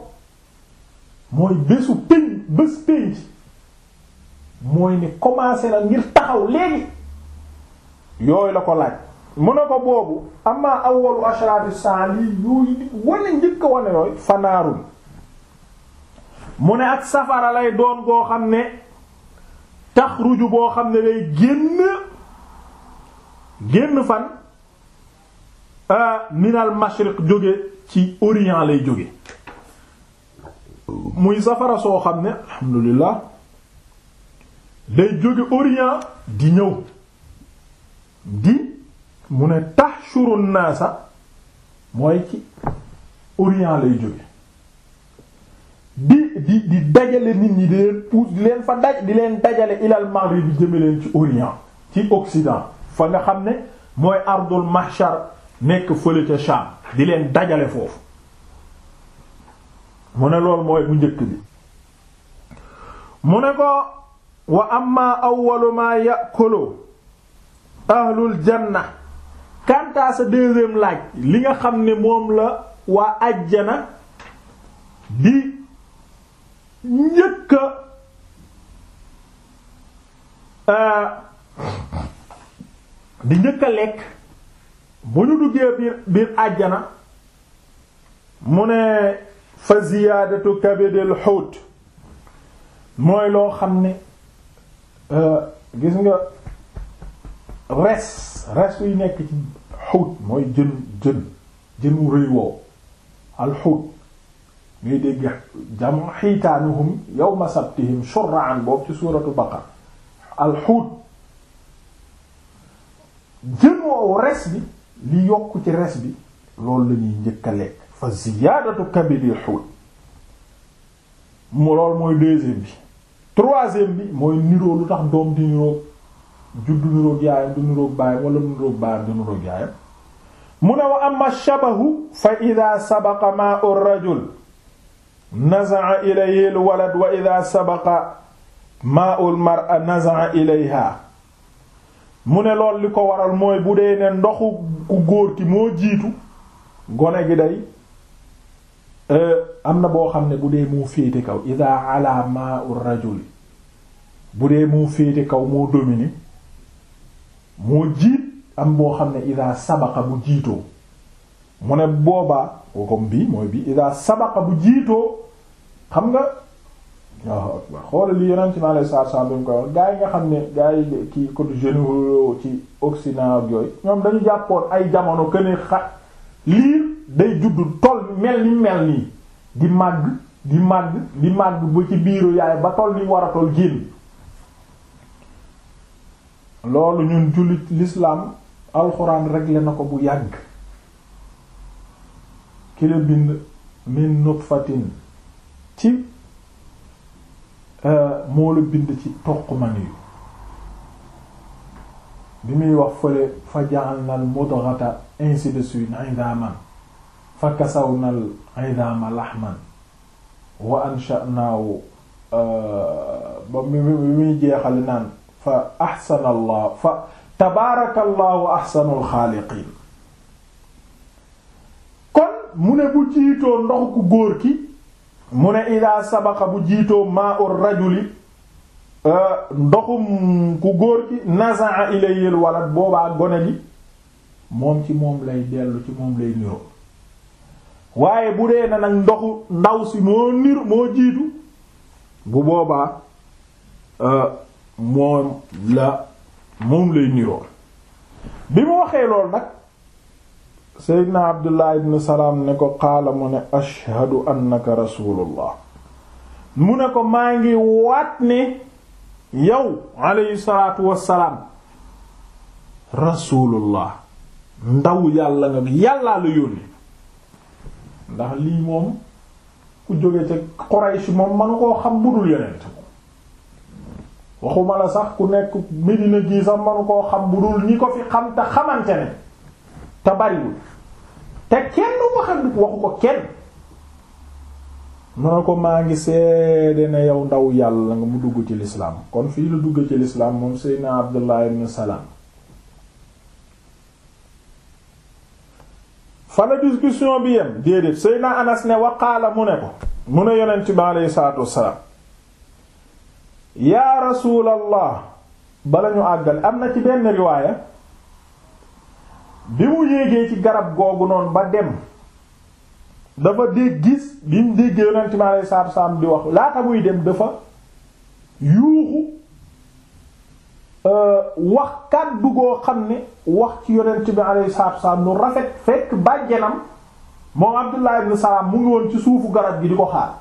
mooy bésu pénc bés pénc mooy ni commencé na ngir taxaw léegi yooyu la ko laaj mu ne ko boobu amma awwalu ashratu saa lii yooyu wane njëkk wane yooyu fanaarun mu ne ak safara lay doon goo xam ne taxruju boo xam ne lay génn génn fan minal euh, mashriq jóge ci orient lay jóge muy safara soo xam ne alhamdulillah day jóge orient di ñëw di mu ne tahshuru naasa mooy ci orient lay jóge di di di dajale nit ñi di leen puus di leen fa daj di leen dajale ilal maghrib bi jëme leen ci orient ci occident fa nga xam ne mooy ardul mahshar nekk fële ca Sham di leen dajale foofu mu ne loolu mooy bu njëkk bi mu ne ko wa amma awwalu ma ya'kulu ahlul janna kanta sa deuxième laaj li nga xam ne moom la waa ajjana di njëkka euh, di njëkk a lekk bu ñu duggee biir biir àjjana mu ne fa ziyaadatu kabidil xuut mooy loo xam ne euh, gis nga res res yu nekk ci xuut mooy jën jën jënu rëy woo alxuut ngay dégg jam xiitaanuhum yawma sabtihim shur'an boobu ci suuratu baqara alxuut jën woowu res bi li yokk ci res bi loolu la ñuy njëkk a lekk fa ziyaadatu kabidil xuut mu lool mooy deuxième bi troisième bi mooy niroo lu tax doom di niroo jur du niroog yaayam du niroog baayam wala du niroog baayam du niroog yaayam mu ne wa amma shabahu fa ida sabaqa ma'u rajul naza'a ilayhi al walad wa ida sabaqa ma'u al mar'a naza'a ilayha mu ne lool li ko waral mooy bu dee ne ndoxu ku góor ki moo jiitu gone gi day eh, am na boo xam ne bu dee moo féete kaw ida ala ma'u rajuli bu dee moo féete kaw moo domine moo jiit am boo xam ne ida sabaqa bu jiitoo mu ne boobaa comme bii mooy bii ida sabaqa bu jiitoo xam nga waaw waaw xoolal li yeneen ci maa lay saar saar bi mu koy wax gaa yi nga xam ne gaa yi kii côté Généraux ci Occident ak ñoom dañu jàppoon ay jamono que ne liir day judd toll mel ni mel nii di màgg di màgg di màgg bu ci biiru yaay ba toll yi war a toll génn loolu ñun jullit l'islam alxuraan réglé na ko bu yàgg ki la bind min nutfatin ci Euh, moo la bind ci toq man yu bi muy wax fële fa ja'alna al mudghata ainsi de suite idaman fa kasawna al idama lahman wa ansha'nahu euh, ba mi muy jeexal naan fa ahsana allah fa tabaaraka allahu ahsanul xaaliqiin kon mu ne bu jiitoo ndox ku góor ki mu ne ida sabaqa bu jiitoo maa ur rajuli euh, ndoxum ku góor gi nazaa ilayil walad boobaa gone gi moom ci moom lay dellu ci moom lay niroo waaye bu dee na ndoxu ndaw si moo nir moo jiitu bu boobaa euh, moom la moom lay niroo bi mu waxee lool nag seydna abdullah ibn salaam ne ko qaala mu ne ashhadu annaka rasulullah mu ne ko maa ngi waat ne yow alayhi salaatu wassalaam rasulullah ndaw yàlla nga yàllaa la yónni ndax lii moom ku jóge ca Quraysh moom manu koo xam budul yonent waxuma la sax ku nekk Medina gii sax manu koo xam budul ñi ko fi xam te xamante ne te bariwul te kenn waxal waxu ko kenn mu ne ko maa ngi seede ne yow ndaw yàlla nga mu dugg ci lislaam kon fii la dugg ci lislaam moom seydna Abdullah ibn Salaam fana discussion bi yem déedéet seydna Anas ne waqaala mu ne ko mu ne yonent bi aleyhi salaatu wassalaam yaa rasuulallah bala ñu àggal am na ci benn riwaaya bi mu yéegee ci garab googu noonu ba dem dafa dégg gis bi mu déggee yonent mi alayhi salaatu salaam di wax laata muy dem dafa yuuxu euh, wax kàddu goo xam ne wax ci yonent bi alayhi salaatu salaam nu rafet fekk bàjjenam moom Abdullah ibn Salaam mu ngi woon ci suufu garab gi di ko xaar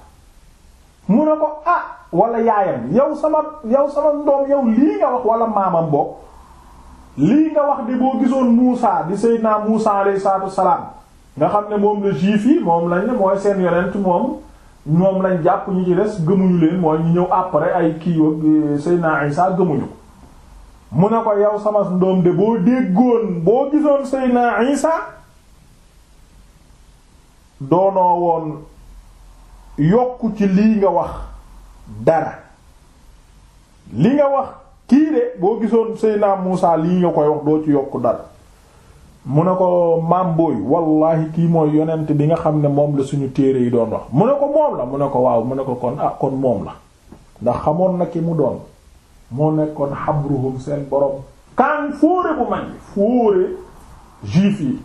mu ne ko ah wala yaayam yow sama yow sama ndoom yow lii nga wax wala maamam boobu lii nga wax de boo gisoon Muusa di Seydina Muusa alayhi salaatu wassalaam nga xam ne moom la juif yi moom lañ ne mooy seen yonent moom moom lañ jàpp ñi ci des gëmuñu leen mooy ñu ñëw après ay kii ak eh, Seydina Isa gëmuñu mu yow sama doom de boo déggoon boo gisoon Seydina Isa woon yokk ci lii nga wax dara li nga wax kii de boo gisoon Seydina Muusa lii nga koy wax doo ci yokk dara mu ne ko maam booy wallahi kii mooy yonent bi nga xam ne moom la suñu téere yi doon wax mu ne ko moom la mu ne ko waaw mu ne ko kon ah kon moom la ndax xamoon nag ki mu doon moo nekkoon xabruhum seen borom kaan fóore bu mag fóore juif yi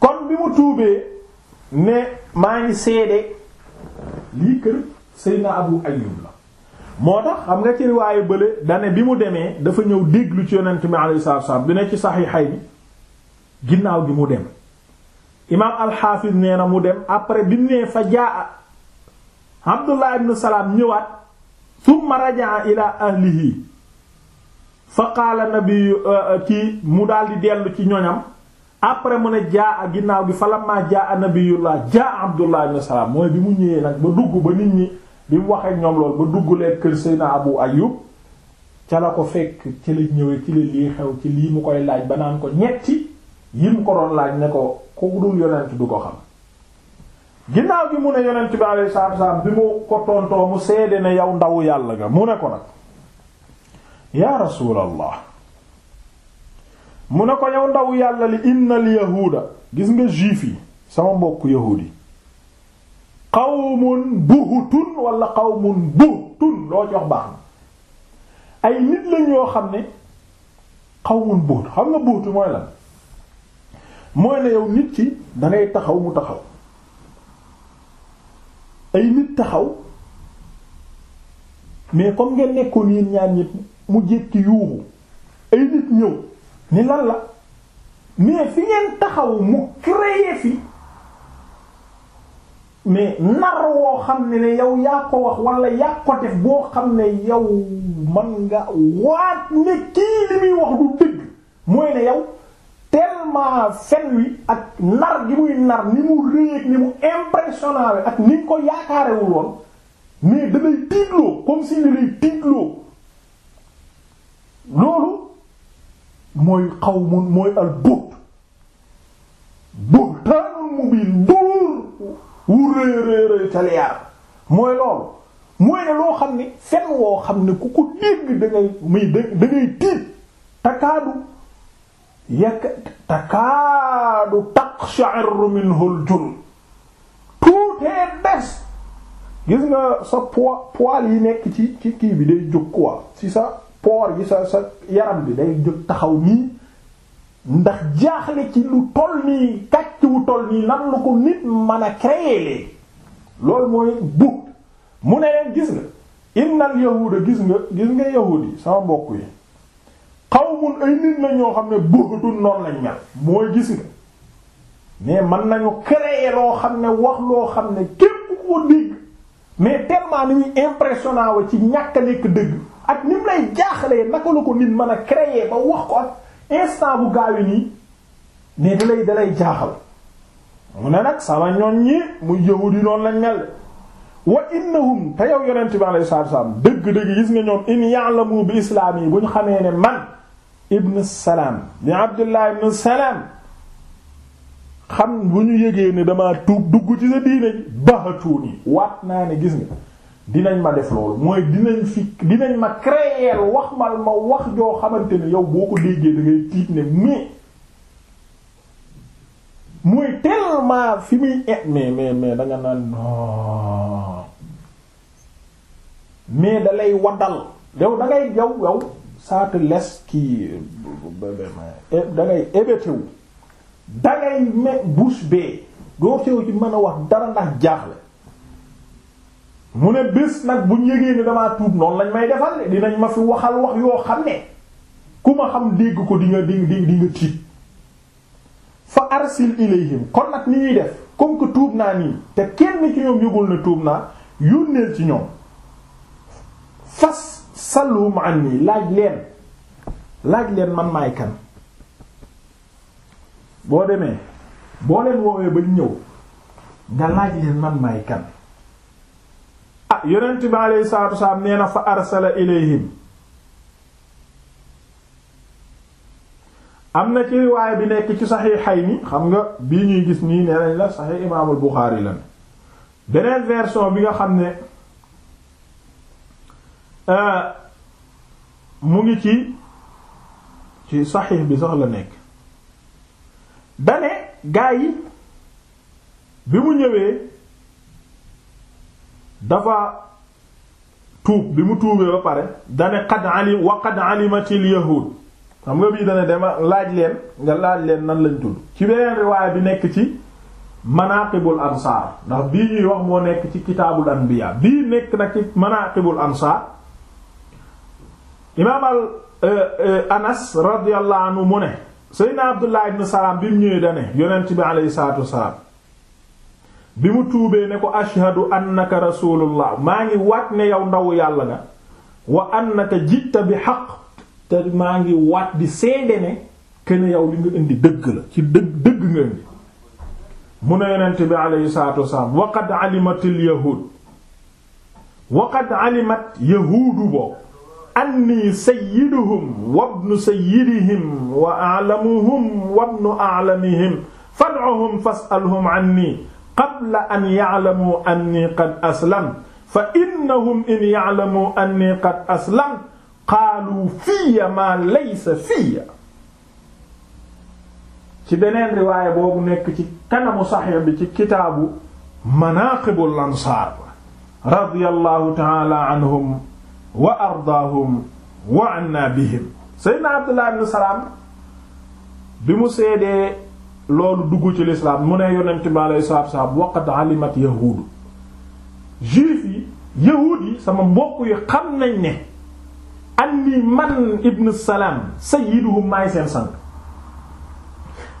kon bi mu tuubee ne maa ngi seede lii kër Seydina Abu Ayyub la moo tax xam nga ci riwaayu bële dane bi mu demee dafa ñëw déglu ci yonent bi alayhi salaatu wasallam bi ne ci saxiixay bi ginnaaw gi mu dem imaam alxaafis nee na mu dem après bi mu nee fa jaa abdullah ibn salaam ñëwaat thumma rajaa ila ahlihi fa qaala nabi kii mu daldi dellu ci ñoñam après mu ne jaa ginnaaw gi fa lammaa jaa nabiyullah jaa abdullah ibn salaam mooy bi mu ñëwee nag ba dugg ba nit ñi bi mu waxee ñoom lool ba duggulee kër Seydina Abu Ayyub ca la ko fekk ci la ñëwee ci la lii xew ci lii mu koy laaj ba naan ko ñetti yi mu ko doon laaj ne ko ku dul yonent du ko xam ginnaaw bi mu ne yonent bi alayhi salaatu bi mu ko tontoo mu seede ne yow ndawu yàlla nga mu ne ko nag yaa rasuulallah mu ne ko yow ndawu yàlla li inna al yahuuda gis nga juif yi sama mbokk yahuud yi qawmun buhutun wala qawmun buhtun loo jox baax na ay nit lañ yoo xam ne qawmun buhut xam nga buhut mooy la mooy ne yow nit ci da taxaw mu taxaw ay nit taxaw mais comme ngeen nekkoon yéen ñaar ñi mu jékki yuuxu ay nit ñëw ni lan la mais fi ngeen taxaw mu créer fi mais nar woo xam ne ne yow yaa ko wax wala yaa ko def boo xam ne yow man nga waat ne kii li muy wax du dëgg mooy ne yow tellement fen wi ak nar gi muy nar ni mu réeg ni mu impressionnant ak ni ko yaakaarewul mais dalay tiitloo comme si li lay tiitloo loolu mooy xaw mun mooy al buht buhtaanul mubiin wu rëy mooy loolu mooy ne loo xam ni fen woo xam ne ku ko dégg da ngay muy da ngay tiit takaadu yàq takaadu taqsha'irru minhu al gis nga sa po yi nekk ci ci kii bi day jóg quoi ci sa poor yi sa sa yaram bi day jóg taxaw nii ndax jaaxle ci lu toll nii kàcc wu toll nii nan la ko nit mën a créer loolu mooy bu mu ne leen gis nga innal a gis nga gis nga yahuud yi sama mbokk yi qawmun ay nit la ñoo xam ne buxtun noonu lañ mel mooy gis nga mais mën nañu créer loo xam ne wax loo xam ne képp ko dégg mais tellement dañuy impressionnant ci ñàkk a nekk dëgg ak nim lay jaaxlee naka la ko nit mën a créer ba wax ko ak instant bu gaawi nii ne dalay dalay jaaxal mu ne nag sama ñoon ñi mu yahudi yi noonu lañ mel wa innahum te yow yonent bi alayhi salaatu wasallam dëgg-dëgg gis nga ñoom in ya'lamu bi islaam yi bu ñu xamee ne man ibn salaam di abdullah ibn salaam xam bu ñu yëgee ne damaa tuub dugg ci sa diine ji baxatuun yi waat naa ne gis nga dinañ ma def loolu mooy dinañ fi dinañ ma créer wax mal ma wax joo xamante ne yow boo ko déggee da ngay ne mais mooy tellement fi muy et mais mais mais da nga naan mais da lay waddal da ngay yow yow kii e da ngay hébété me bouche bee doo teew ci mën a wax dara ndax jaaxle. mu ne bis nag buñ yégee ni damaa tuub noonu lañ may defal dinañ ma fi waxal wax yoo xam ne ku ma xam dégg ko di nga di di di nga tiit fa arsil ilayhim kon nag ni ñuy def comme que tuub naa nii te kenn ci ñoom yëgul ne tuub naa yónneel ci ñoom fas salhum an nii laaj leen laaj leen man maay kan boo demee boo leen woowee bañ ñëw nga laaj leen man maay kan ah yonent bi aleyhi salaatu wasalaam nee fa arsala ilayhim am na ci riwaaya bi nekk ci saxiixayni xam nga bi ñuy gis nii nee nañ la saxiix imaamul Buxaari lan beneen version bi nga xam ne euh, mu ngi ci ci saxiix bi sax la nekk dane gaa yi bi mu ñëwee dafa tuub bi mu tuubee ba pare dane qad alim wa qad alimatil yahud xam nga bii dane dama laaj leen nga laaj leen nan lañ tudd ci beneen riwaaya bi nekk ci manaqibul ansaar ndax bii ñuy wax moo nekk ci kitaabul anbiya bii nekk nag ci manaqibul ansaar imaam al euh, euh, anas radiyallahu mu ne seydna abdullah ibn salaam bi mu ñëwee dane yonent bi alayhi salaatu wassalaam bi mu tuubee ne ko ashhadu annaka rasulullah maa ngi waat ne yow ndaw yàlla nga wa annaka jitta bi xaq te maa ngi waat di seede ne kene yow li nga indi dëgg la ci dëgg dëgg nga indi mu ne yonent bi aleyhi salatu wasalaam waqad alimatil yahud waqad alimat yahuudu boobu anni sayyiduhum wabnu sayyidihim wa alamuhum wabnu alamihim fad'uhum fas'alhum anni qabla an ya'lamu anni qad aslam fa innahum in ya'lamu anni qad aslam qaalu fiya ma laysa fiya ci beneen riwaaya boobu nekk ci kanamu saxiix bi ci kitaabu manaaqibul ansaar radiyallahu ta'ala anhum wa ardaahum wa anna bihim sayyidina abdullah ibn salaam bi mu seedee loolu dugg ci lislaam mu ne yonent bi alayhi salaatu wa alimat yahuudu juif yi yahuud yi sama mbokk yi xam nañ ne anni man ibn salaam sayyiduhum maay seen sang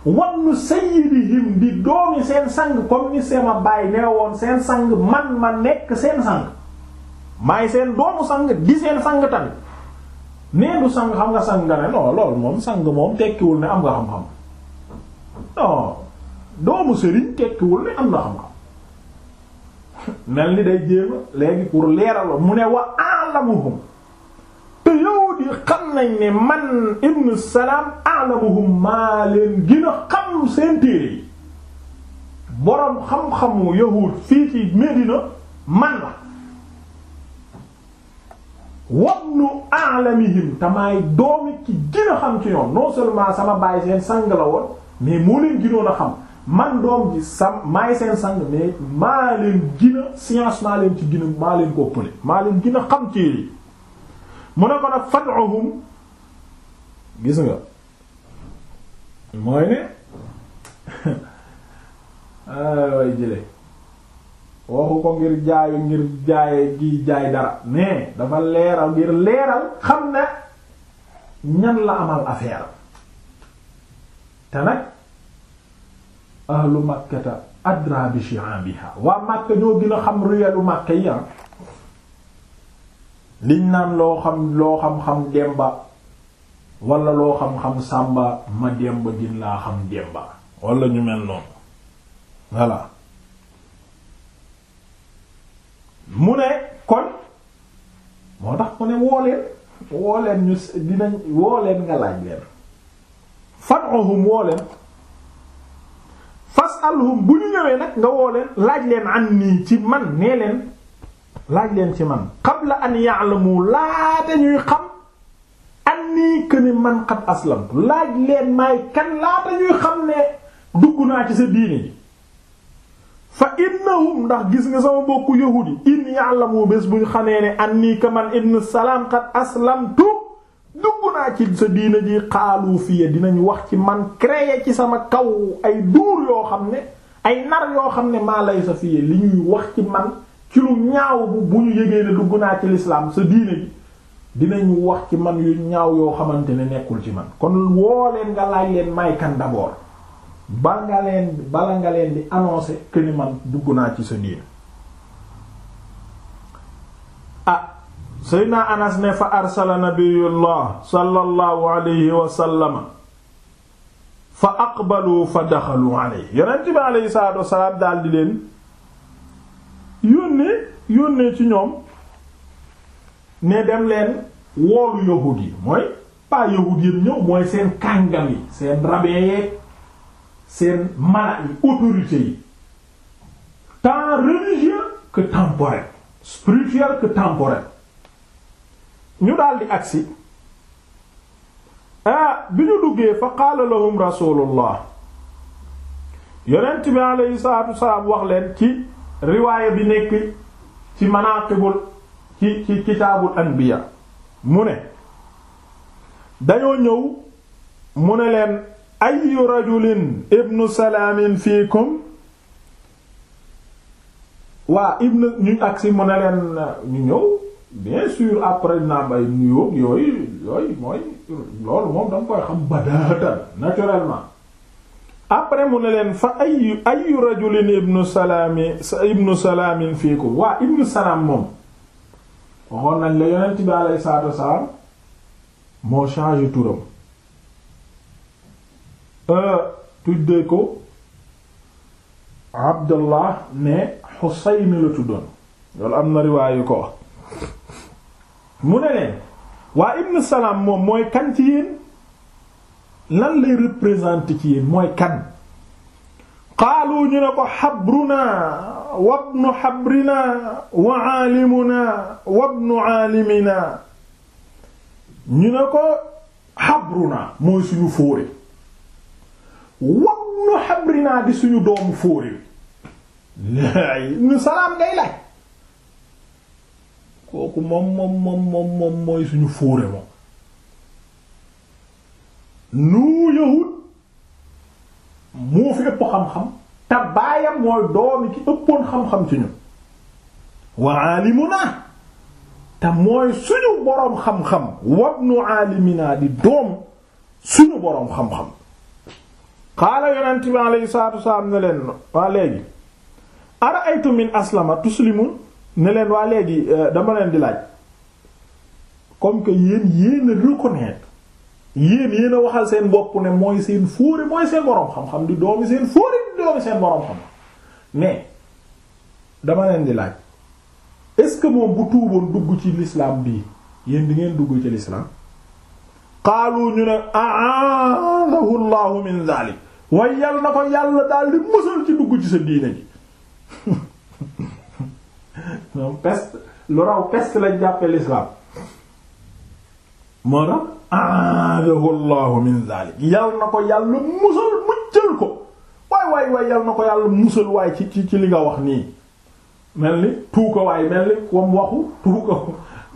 wannu sayyidihim di doomi seen sang comme ni sama baay nee woon seen sang man ma nekk seen sang maay seen doomu sang di seen sang tamit nee du sang xam nga sang nga ne non loolu moom sang moom tekkiwul ne am nga xam-xam non doomu sëriñ tekkiwul ne am na xam-xam mel ni day jéema léegi pour leeraloo mu ne wa alamuhum te yow di xam nañ ne man ibnu salaam alamuhum maa leen gën a xam seen téere yi boroom xam-xamu yahud fii ci Medina man la wabnu alamihim te maay doomi ci gën xam ci ñoom non seulement sama baay seen sang la woon mais moo leen gënoon a xam man doom ji sam maay seen sang mais maa leen gën science maa leen ci gën a maa leen ko pële maa leen gën xam téere yi mu ne ko nag fad'uhum gis nga mooy ne way jële waxu ko ngir jaayu ngir jaaye gi jaay dara mais dafa leeral ngir leeral xam ne ñan la amal affaire te nag ahlu makkata adra bi shi'abiha waa makka ñoo gën a xam ruyalu makka yi ah. liñ naan loo xam loo xam-xam demba wala loo xam-xam sàmba ma demba gin laa xam demba wala ñu mel noonu voilà mu ne kon moo tax mu ne wooleen wooleen ñu dinañ wooleen nga laaj leen fad'uhum woo leen fas'alhum bu ñu ñëwee nag nga woo leen laaj leen an anni ci man nee leen laaj leen ci man qabla an ya'lamu laata ñuy xam anni këni man qad aslamtu laaj leen maay kan laata ñuy xam ne dugg naa ci sa diini ji fa innahum ndax gis nga sama bokku yahudi in ya'lamu bés bu ñu xamee ne anni ka man ibn salaam qad aslamtu dugg naa ci sa diina ji xaalu fiye dinañu wax ci man créer ci sama kaw ay duur yoo xam ne ay nar yoo xam ne maa lay sa fiye li ñuy wax ci man ci lu ñaaw bu bu ñu yégee ne dugg naa ci lislaam sa diina ji ñu wax ci man yu ñaaw yoo xamante ne nekkul ci man kon woo leen nga laaj leen may kan d'abord ba nga leen bala nga leen di annoncer que dugg naa ci sa diina seydna anas ne fa arsala nabiyullah sallallahu alayhi wa fa aqbalu fa daxalu alayhi yonent bi alayhi salaatu wasalaam daldi leen yónnee yónnee ci ñoom ne dem leen woolu yahud yi mooy pas yahud yi ñëw mooy seen kàngam yi seen rabee yeeg seen mala yi autorité yi tant religieux que temporel spirituel que ñu daldi agsi ah bi ñu duggee fa qaala lahum rasulullah yonent bi alayhi salaatu wasalaam wax leen ci riwaaya bi nekk ci manaqibul ci ci kitaabul anbiya mu ne dañoo ñëw mu ne leen ayyu rajulin ibnu salaamin fiikum waa ibnu ñu agsi mu ne leen ñu ñëw bien sûr après naa bay nuyoo yooyu yooyu mooy loolu moom da koy xam badaatan naturellement après mu ne leen fa ay ay rajulin ibnu salaami ibnu salaamin fiikum waa ibnu salaam moom waxoon nañ la yonent bi alayhi salaatu wasalaam moo changé turam euh, tuddee ko abdullah ne xusayn la tuddoon loolu am na riwaayu ko mu ne leen waa ibnu salaam moom mooy kan ci yéen lan lay représenter ci yéen mooy kan qaalu ñu ne ko xabrunaa wabnu xabrinaa wa aalimuna wabnu aalimina ñu ne ko xabrunaa mooy suñu fóore wabnu xabrinaa di suñu doomu fóore wi ibnu salaam ngay laaj kooku moom moom moom moom moom mooy suñu fóore moom nu yahut moo fi ëpp xam-xam te baayam mooy doomi ki ëppoon xam-xam ci ñun wa aalimuna te mooy suñu boroom xam-xam wabnu aalimina di doom suñu boroom xam-xam xaala yonent bi alayhi salaatu wasalaam ne leen waa léegi ara aytu min aslama tuslimun ne leen waa léegi euh, dama leen di laaj comme que yéen yéen a reconnaître yéen yéen a waxal seen bopp ne mooy seen fóore mooy seen boroom xam-xam di doomi seen fóore di doomi seen boroom xam mais dama leen di laaj est-ce que moom bu tuuboon dugg ci l'islam bii yéen di ngeen dugg ci l'islam xaalu ñu ne aadahu llahu min zalik way na ko yàlla daal di musal ci dugg ci sa diine ji ñoom peste lu raw peste lañ jàppe l'islam moo tax a'adahu llahu min zalik yal na ko yàlla musal muccal ko waaye waay waay yal na ko yàlla musal waay ci ci ci li nga wax nii mel ni tuuka waay mel ni comme waxu tuuka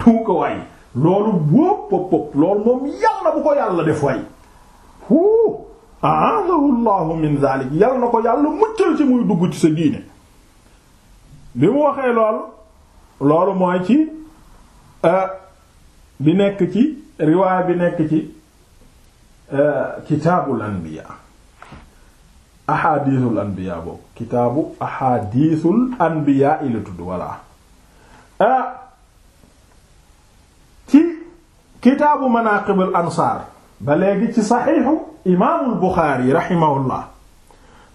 tuuka waay loolu boob pop pop loolu moom yal na bu ko yàlla def waay hu a'adahu llahu min zalik yal na ko yàlla muccal ci muy dugg ci sa diine bi mu waxee loolu loolu mooy ci euh, bi nekk ci riwaaya bi nekk ci euh, kitaabul anbiya ahadiisul anbiya boobu kitaabu ahadiisul anbiya ila tudd walla euh, ci kitaabu manaaqibul ansaar ba léegi ci saxiixu imaamul buxaari raximahullah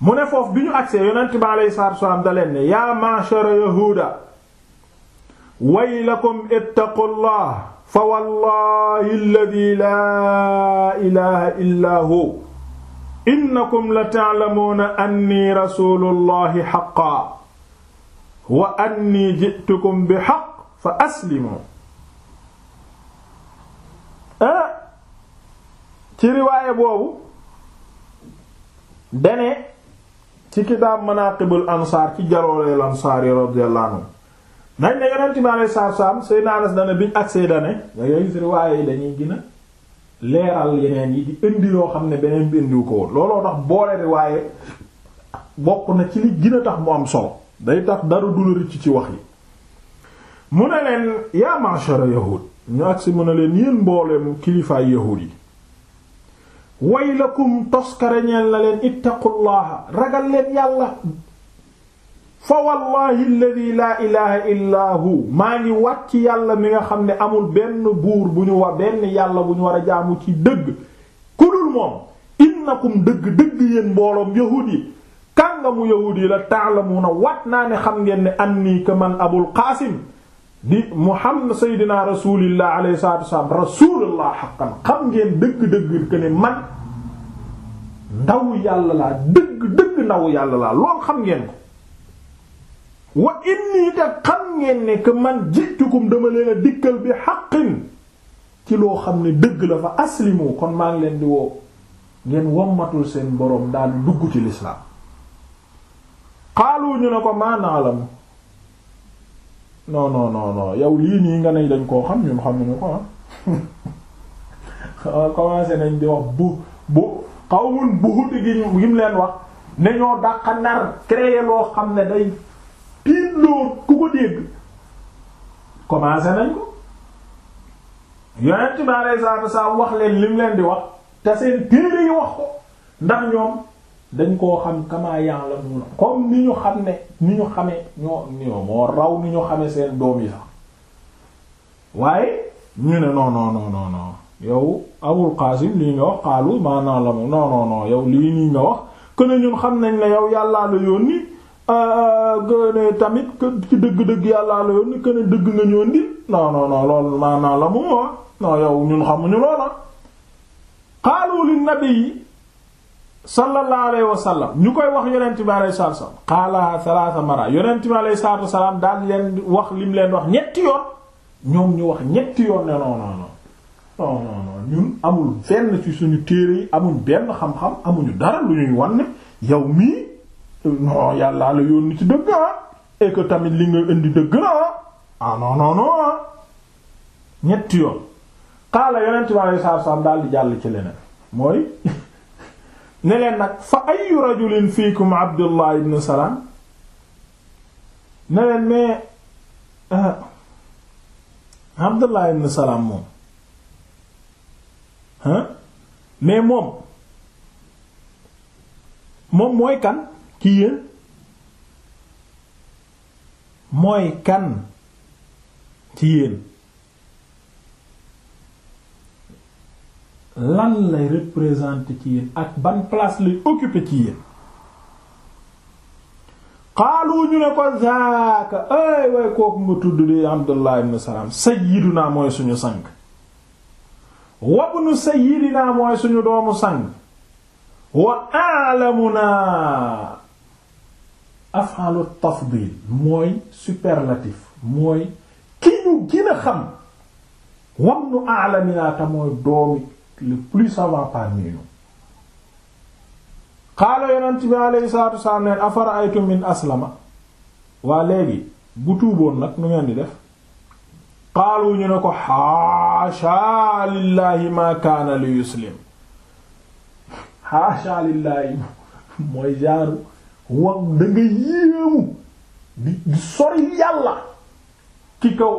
mu ne foofu bi ñu agsee yonent bi aleyhi salaatu wa salaam da leen ne yaa ma'shara yahuuda waylakum ittaqullaah fa wallaahi alladhi laa ilaaha illaa hu innakum la ta'lamuuna annii rasuulullaahi haqqan wa annii ji'tukum bi haqq fa aslimuu eh, ci riwaaya boobu dane ci kitaab manaqibul ansaar ci jalooleel ansaar yi radiyallahu anhu nañ ne yonent bi alayhi salaatu salaam Seydina Anas dana biñ agsee dane nga yooyu si riwaaye yi dañuy gën leeral yeneen yi di indi yoo xam ne beneen bi indiwu ko woon looloo tax boole riwaaye bokk na ci li gën tax mu am solo day tax dara du la ci ci wax yi mu ne leen yaa ma'shara yahuud ñu agsi mu ne leen yéen mbooleem kilifaay yahuud yi waylakum toskare ñeel na leen ittaqullaha ragal leen yàlla fa wallahi alladhi laa ilaha illaa maa ngi ci yàlla mi nga xam ne amul benn buur bu ñu war benn yàlla bu ñu war a jaamu ci dëgg ku dul moom innakum dëgg dëgg yéen mbooloom yahuud yi kàngamu yahuud yi la taalamuuna wat naa ne xam ngeen ne annii ka man abul qaasim di xam Seydina rasulillah alayhi salaatu wasalaam rasulillah haqqan xam ngeen dëgg-dëgg que ne man ndaw yàlla laa dëgg-dëgg ndaw yàlla laa lool xam ngeen ko. wa inni te xam ngeen ne que man jiitukum dama leen a dikkal bi haqqin ci loo xam ne dëgg la fa aslimu kon maa ngi leen di woo ngeen wommatul seen boroom daal dugg ci lislaam qaalu ñu ne ko maa na'lamu non non non non yow lii nii nga ne dañ koo xam ñun xam nañu ko ah commencé nañ di wax bu bu xawmun buxuti gi gi mu leen wax ne ñoo dàqa nar créer loo xam ne day tiitloo ku ko dégg commencé nañ ko yonent bi alayhi salaatu wax leen lim leen di wax te seen téere yi wax ko ndax ñoom dañ koo xam kamaa yan la mun comme ni ñu xam ne ni ñu xame ñoo ñoo moo raw ni ñu xame seen doom yi sax waaye ñu ne non non non non non yow Abul Qasim lii nga wax xaalu maanaam la non non non yow lii nii nga wax que ne ñun xam nañ ne yow yàllaa la yónni euh, que ne tamit ci dëgg-dëgg yàllaa la yónni que ne nga ñoon di non non non loolu maanaam la mu wax non yow ñun xamuñu loola xaalu li nabi sallallahu alayhi wa sallam ñu koy wax yonent bi alayhi salaatu wa salaam qaala salaasa mara yonent bi alayhi salaatu wa salaam daal leen wax lim leen wax ñetti yoon ñoom ñu wax ñetti yoon ne non non non non non ñun amul benn ci suñu téere yi amuñ benn xam-xam amuñu dara lu ñuy wan ne yow mii non yàllaa la yónni ci dëgg ah et que tamit li nga indi dëgg la ah, ah non non non ah. ñetti yoon qaala yonent bi alayhi salaatu wa salaam daal di jàll ci leneen mooy. ne leen nag fa ayyu rajulin fiikum abdullah ibn salaam ne leen mais euh, abdullah ibn salaam moom hein mais moom moom mooy kan kii yéen mooy kan ci yéen lan lay représenter ci yéen ak ban place lay occuper ci yéen xaalu ñu ne ko zaaka ay way kooku nga tudd di Abdullah ibn Salam sayyiduna mooy suñu sang wabnu sayyidina mooy suñu doomu sang wa a'lamuna afalu tafdil mooy superlatif mooy ki ñu gën a xam wabnu a'lamina ta mooy doomi le plus savant parmi nous xaala yonent bi alayhi salaatu wasalaam neen afara aytum min aslama waa léegi bu tuuboon nag nu ngeen di def xaalu ñu ko xaasha lillaahi ma kaana li yuslim xaasha lillaahi mooy jaaru wam da nga di di sori yàlla ki kaw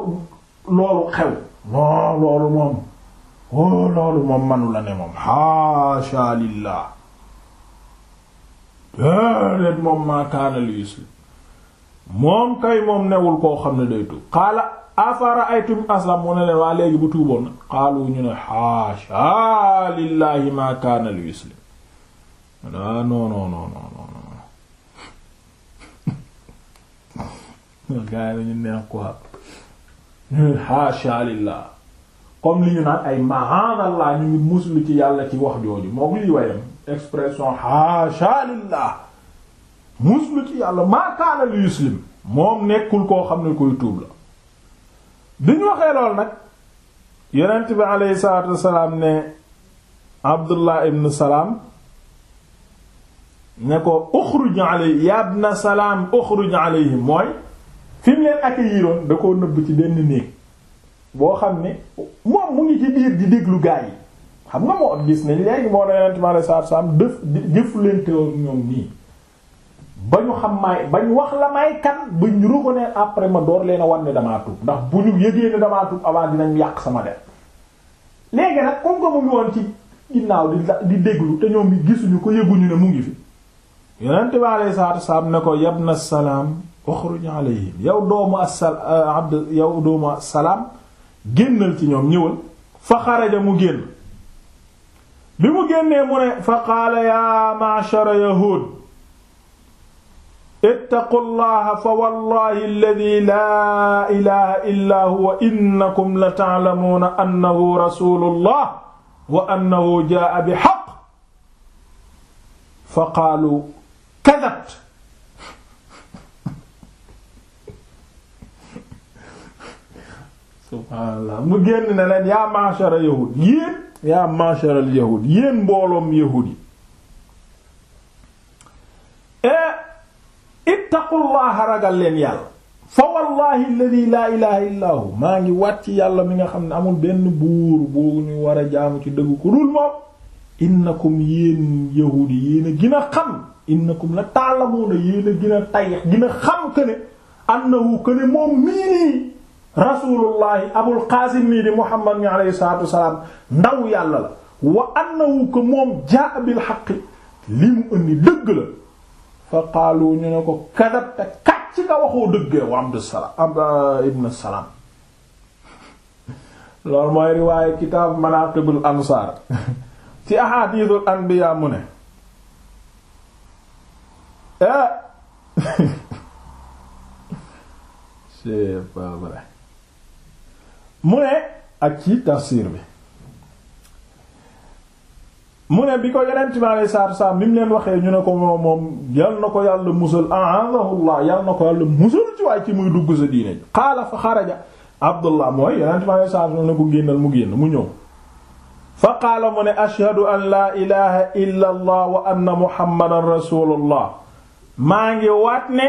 loolu xew non loolu moom oh loolu moom manu la ne moom haasha lillah déedéet moom maa kaana li yuslim moom kay moom newul koo xam ne day tuub qaala afara'aytum aslam mu ne leen waa léegi bu tuuboon na qaalu ñu ne haasha lillaahi maa kaana li yuslim ah, non non non non non non gaa yi lañu neex ko haasha lillah comme li ñu naan ay mahanallah ñu ngi muslu ci yàlla ci wax jooju moom lii wayam expression haashalillah muslu ci yàlla maakaana li yuslim moom nekkul koo xam ne koy tuub la bi ñu waxee lool nag yonent bi aleyhi salaatu ne abdullah ibn salaam ne ko uxruj alayhi ya ibn salaam uxruj alayhi mooy fi mu leen accueillir da koo nëbb ci benn néeg boo xam ne moom mu ngi ci biir di déglu gaa yi xam nga moo gis nañ léegi moo daaneel tamit maanaam saa saam ñoom nii ba ñu xam maay wax la may kan ba ñu reconnaître après ma door leen wan ne damaa ñu yëgee ne damaa tuub yàq sama def léegi nag comme que mu ngi woon ci ginnaaw di di déglu te ñoom bi gisuñu ko yëguñu ne mu ngi fi. yonent bi alayhi salaatu salaam ne ko yabna salaam uxruj alayhim yow doomu as salaam yow doomu as salaam. génnal ci ñoom ñëwal fa xaraja mu génn bi mu génnee mu ne fa qaala yaa ma'shara yahuud ittaqullaha fa wallahi alladhi laa ilaha illa huwa innakum la ta'lamuuna annahu rasulullah wa annahu jaa'a bi haqq fa qaalu kadabt subhaanallah mu génn ne leen yaa ma'shara yahud yéen yaa ma'sharal yahud yéen mbooloom yahud yi eh, ittaqullaha ragal leen yàlla fa wallahi alladhi laa ilaha maa ngi wàcc yàlla mi nga xam ne amul benn buur boo ñu war a jaamu ci dëgg ku moom innakum yéen yahudi yéen a gën a xam innakum la taalamuuna yéen a gën a tay xam que ne annahu que moom mii rasulullahi abul qaasim nii di muhammad mi aleyhi salaatu wasalaam ndaw yàlla la wa annahu ko moom jaa bil xaq li mu indi dëgg la fa qaalu ñu ne ko kadabta kàcc nga waxoo dëgg wa abdusalaam ab uh, ibn salaam loolu mooy riwaaye kitaab manaqibul ansaar ci ahadiisul anbiyaa mu ne c'est pas vrai mu ne ak ci tafsir bi mu ne bi ko yeneen mi alei saatu salaam bi mu leen waxee ñu ne ko moom moom yal na ko yàlla musal a'aadahullaa yal na ko yàlla musal ci waaye ci muy dugg sa diine ji xaala fa xaraja abdullah mooy yeneen mi alei saatu ne ko génnal mu génn mu ñëw fa qaala mu ne ashhadu an laa ilaha illa wa anna muhammadan rasulullah maa ngi waat ne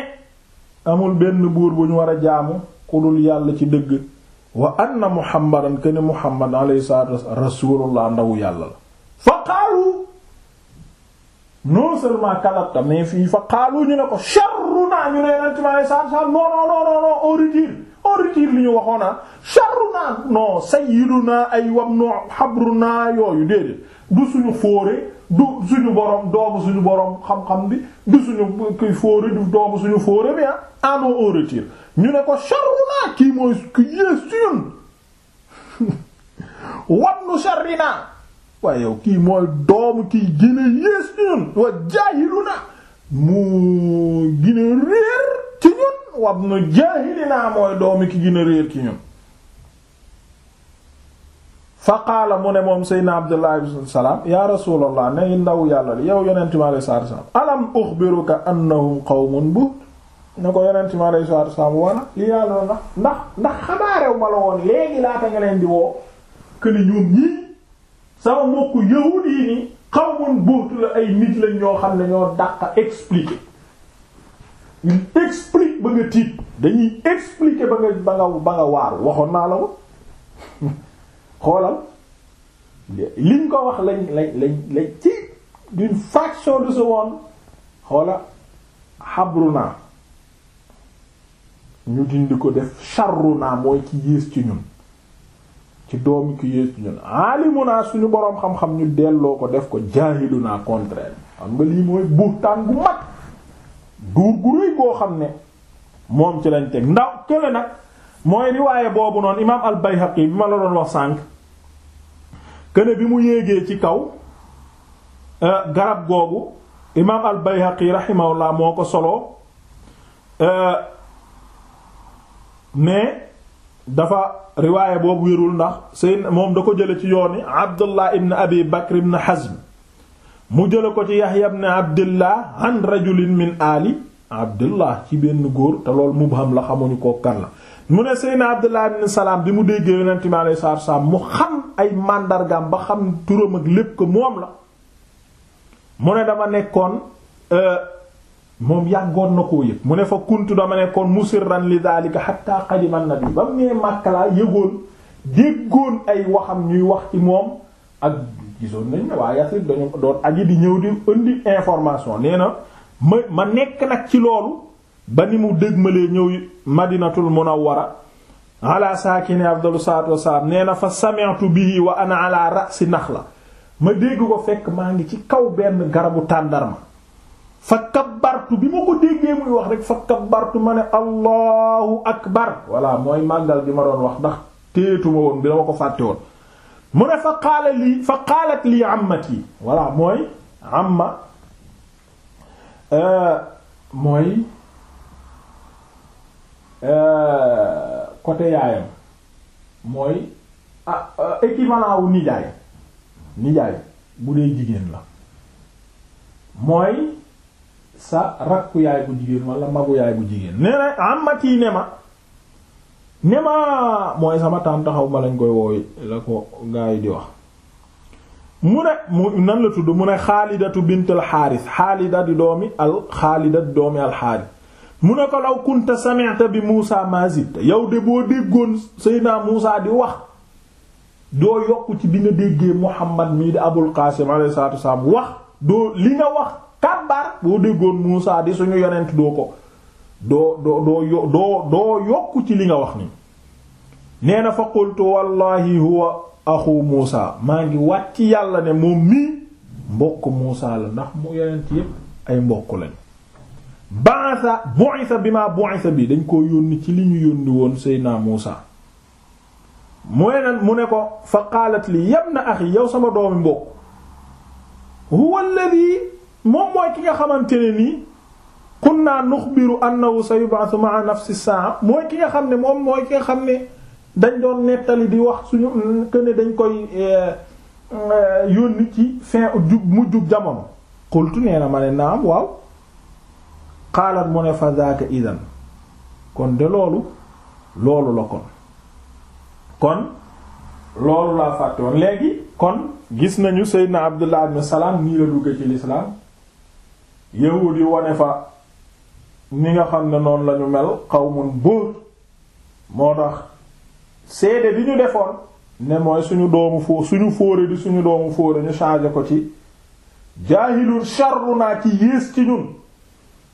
amul benn buur bu ñu war a jaamu ku dul yàlla ci dëgg wa anna muhammadan kene muhammad alayhi salatu wasallam rasulullah ndaw yàlla la fa qaalu non seulement kalabta mais fii fa qaalu ñu ne ko sharruna ñu ne yonent bi alayhi salatu wasallam non non non non on retire on retire li ñu waxoona ah. sharruna non sayyiduna ay wabnu habruna yooyu déedéet du suñu fóore du suñu borom doomu suñu borom xam-xam bi du suñu kuy fóore doomu suñu fóore bi ah en au ñu ne ko sharruna kii mooy yées ci ñun wannu sharrina waaye yow kii mooy doomu kii gën yées ci ñun wa jaahiluna mu gën mooy doomu ki gën a réer ci ñun fa qaala mu ne moom seydna abdullah ibn salaam yaa rasuulallah ne ndaw yàlla li yow yonent mi alayhi salaatu salaam alam uxbiruka annahum qawmun buht ne ko yonent mi alayhi salaatu salaam walla li yàlla ndax ndax ndax xabaarew ma la woon léegi laata nga leen di woo këni ñoom ñii sama mbokk yahud yi ni qawmun buht la ay nit lañ ñoo xam ne ñoo dàq expliquer explique ba nga tiit dañuy expliquer ba nga ba nga waaru waxoon naa la ko xoolal liñ ko wax lañ lañ lañ lañ ci d'une fraction de seconde xoola xabru naa ñu dindi ko def charru naa mooy ci yées ci ñun ci doomi ki yées ci ñun aalimu naa suñu boroom xam-xam ñu delloo ko def ko jaahilu naa contraire xam nga lii mooy buurtaan gu mag duur gu réy goo xam ne moom ci lañ teg ndaw kële nag mooy riwaaye boobu noonu imaam al-Bayhaqi bi ma la doon wax sànq këne bi mu yéegee ci kaw eh, garab googu imaam al bayhaqi rahimahullah moo ko solo mais eh, dafa riwaaya boobu wérul ndax seen moom da ko jële ci yooni abdullah ibn abi bakr ibn hazm mu jële ko ci yaxya ibn abdillah an rajulin min ali abdullah ci benn góor te loolu mubham la xamuñu ko kan la mu ne Seydina Abdullah ibn Salaam bi mu déggee yonent mi alayhi salaatu salaam mu xam ay màndargaam ba xam turam ak lépp ko moom la mu ne dama nekkoon euh, moom yàggoon na koo yëg mu ne fa kuntu dama nekkoon musirran li daalika hatta qadima an-nabi ba mu nee Makka laa yëgoon déggoon ay waxam ñuy wax ci moom ak gisoon nañ ne waa Yasrib dañu doon aji di ñëw di information nee na ma ma nekk nag ci loolu. ba ni mu ma dégmalee ñëw madinatul munawwara ala saakini afdalu salaatu wasalaam nee na fa sami'tu bihi wa ana ala ra'si naxla ma dégg ko fekk maa ngi ci kaw benn garabu tàndarma fa kabbartu bi ma ko déggee muy wax rek fa kabbartu ma ne allahu akbar voilà mooy màggal bi ma doon wax ndax téetuma woon bi dama ko fàtte woon mu ne fa qaala lii fa qaalat lii ammati voilà mooy amma euh, mooy Euh, côté yaayam mooy ah, euh, équivalent wu nijaay nijaay bu dee jigéen la mooy sa rakku yaay bu jigéen wala magu yaay bu jigéen nee amati ne ma ne ma mooy sama tànt xaw ma lañ koy wooy la ko gaa di wax mu ne mu nan la tudd mu ne xaalidatu bint al xaaris xaalida di doomi al mu ne ko law kunta sami'ta bi Muusa te yow de boo déggoon sëy naa Muusa di wax doo yokk ci bi nga déggee Muhammad mii di Abul Qaasim alayhi salaatu wassalaam wax doo li nga wax kàbbaar boo déggoon Muusa di suñu yonent doo ko doo doo doo yo yokk ci li nga wax ni nee na fa qultu wallahi huwa axu Muusa maa ngi wàcc yàlla ne moom mii mbokk Muusa la ndax mu yonent yépp ay mbokk lañ baasa bu'itha bima bu'itha bi dañ koo yónni ci li ñu yónni woon Seydina Muusa mooy nan mu ne ko fa qaalat li yabna axi yow sama doomi mbokk huwa alladhi moom mooy ki nga xamante ne nii kunna nuxbiru annahu sayub'athu ma'a nafsi saa mooy ki nga xam ne moom mooy ki nga xam ne dañ doon nettali di wax suñu que ne dañ koy eh, eh, yónni ci fin jub mu jub jamono qultu nee na ma ne am waaw xaalaat mu ne fa zaaka idan kon de loolu loolu la kon kon loolu laa fàtte léegi kon gis nañu seydna abdullah ibn salaam nii la dugge ci lislaam yahud yi wane fa ni nga xam ne noonu lañu mel xawmun buur moo tax seede bi ñu defoon ne mooy suñu doomu fóo suñu fóore di suñu doomu fóore ñu changé ko ci jaahilun sharruna ci yées ci ñun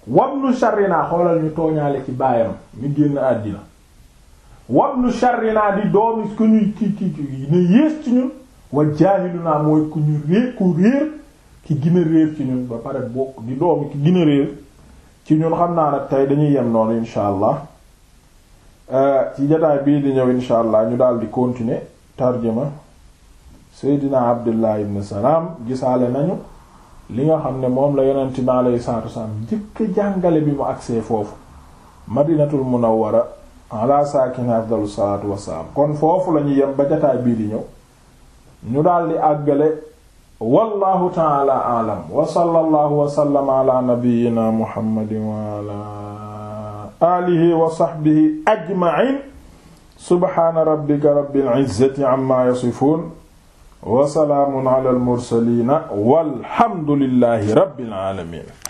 wabnu sharrina xoolal ñu tooñaale ci baayam mi génn àddina wabnu sharrina di doomi ku ñuy ki ki ne yées ci ñun wa jaahiluna mooy ku ñu réer ku réer ki gën réer ci ñun ba pare bokk di doomi ki gën réer ci ñun xam naa nag tey dañuy yem noonu insha allah euh, ci jotaay bii di ñëw insha allah ñu daal di continuer tarjuma seydina abdullah ibn salaam gisaale nañu li nga xam ne moom la yonent bi alayhi salaatu wasalaam jëkk jàngale bi mu agsee foofu madinatul munawwara ala saakini afdalu salaatu wasalaam kon foofu la ñu yem ba di ñëw ñu daldi àggale wallahu taala aalam wa sallallahu wa sallama ala nabiyyina muhammadin wa ala alihi wa sahbihi ajma'in subhaana rabbika rabbil izzati amma yasifun wa salaamun ala al mursaliina walhamdulillahi rabbil aalamiin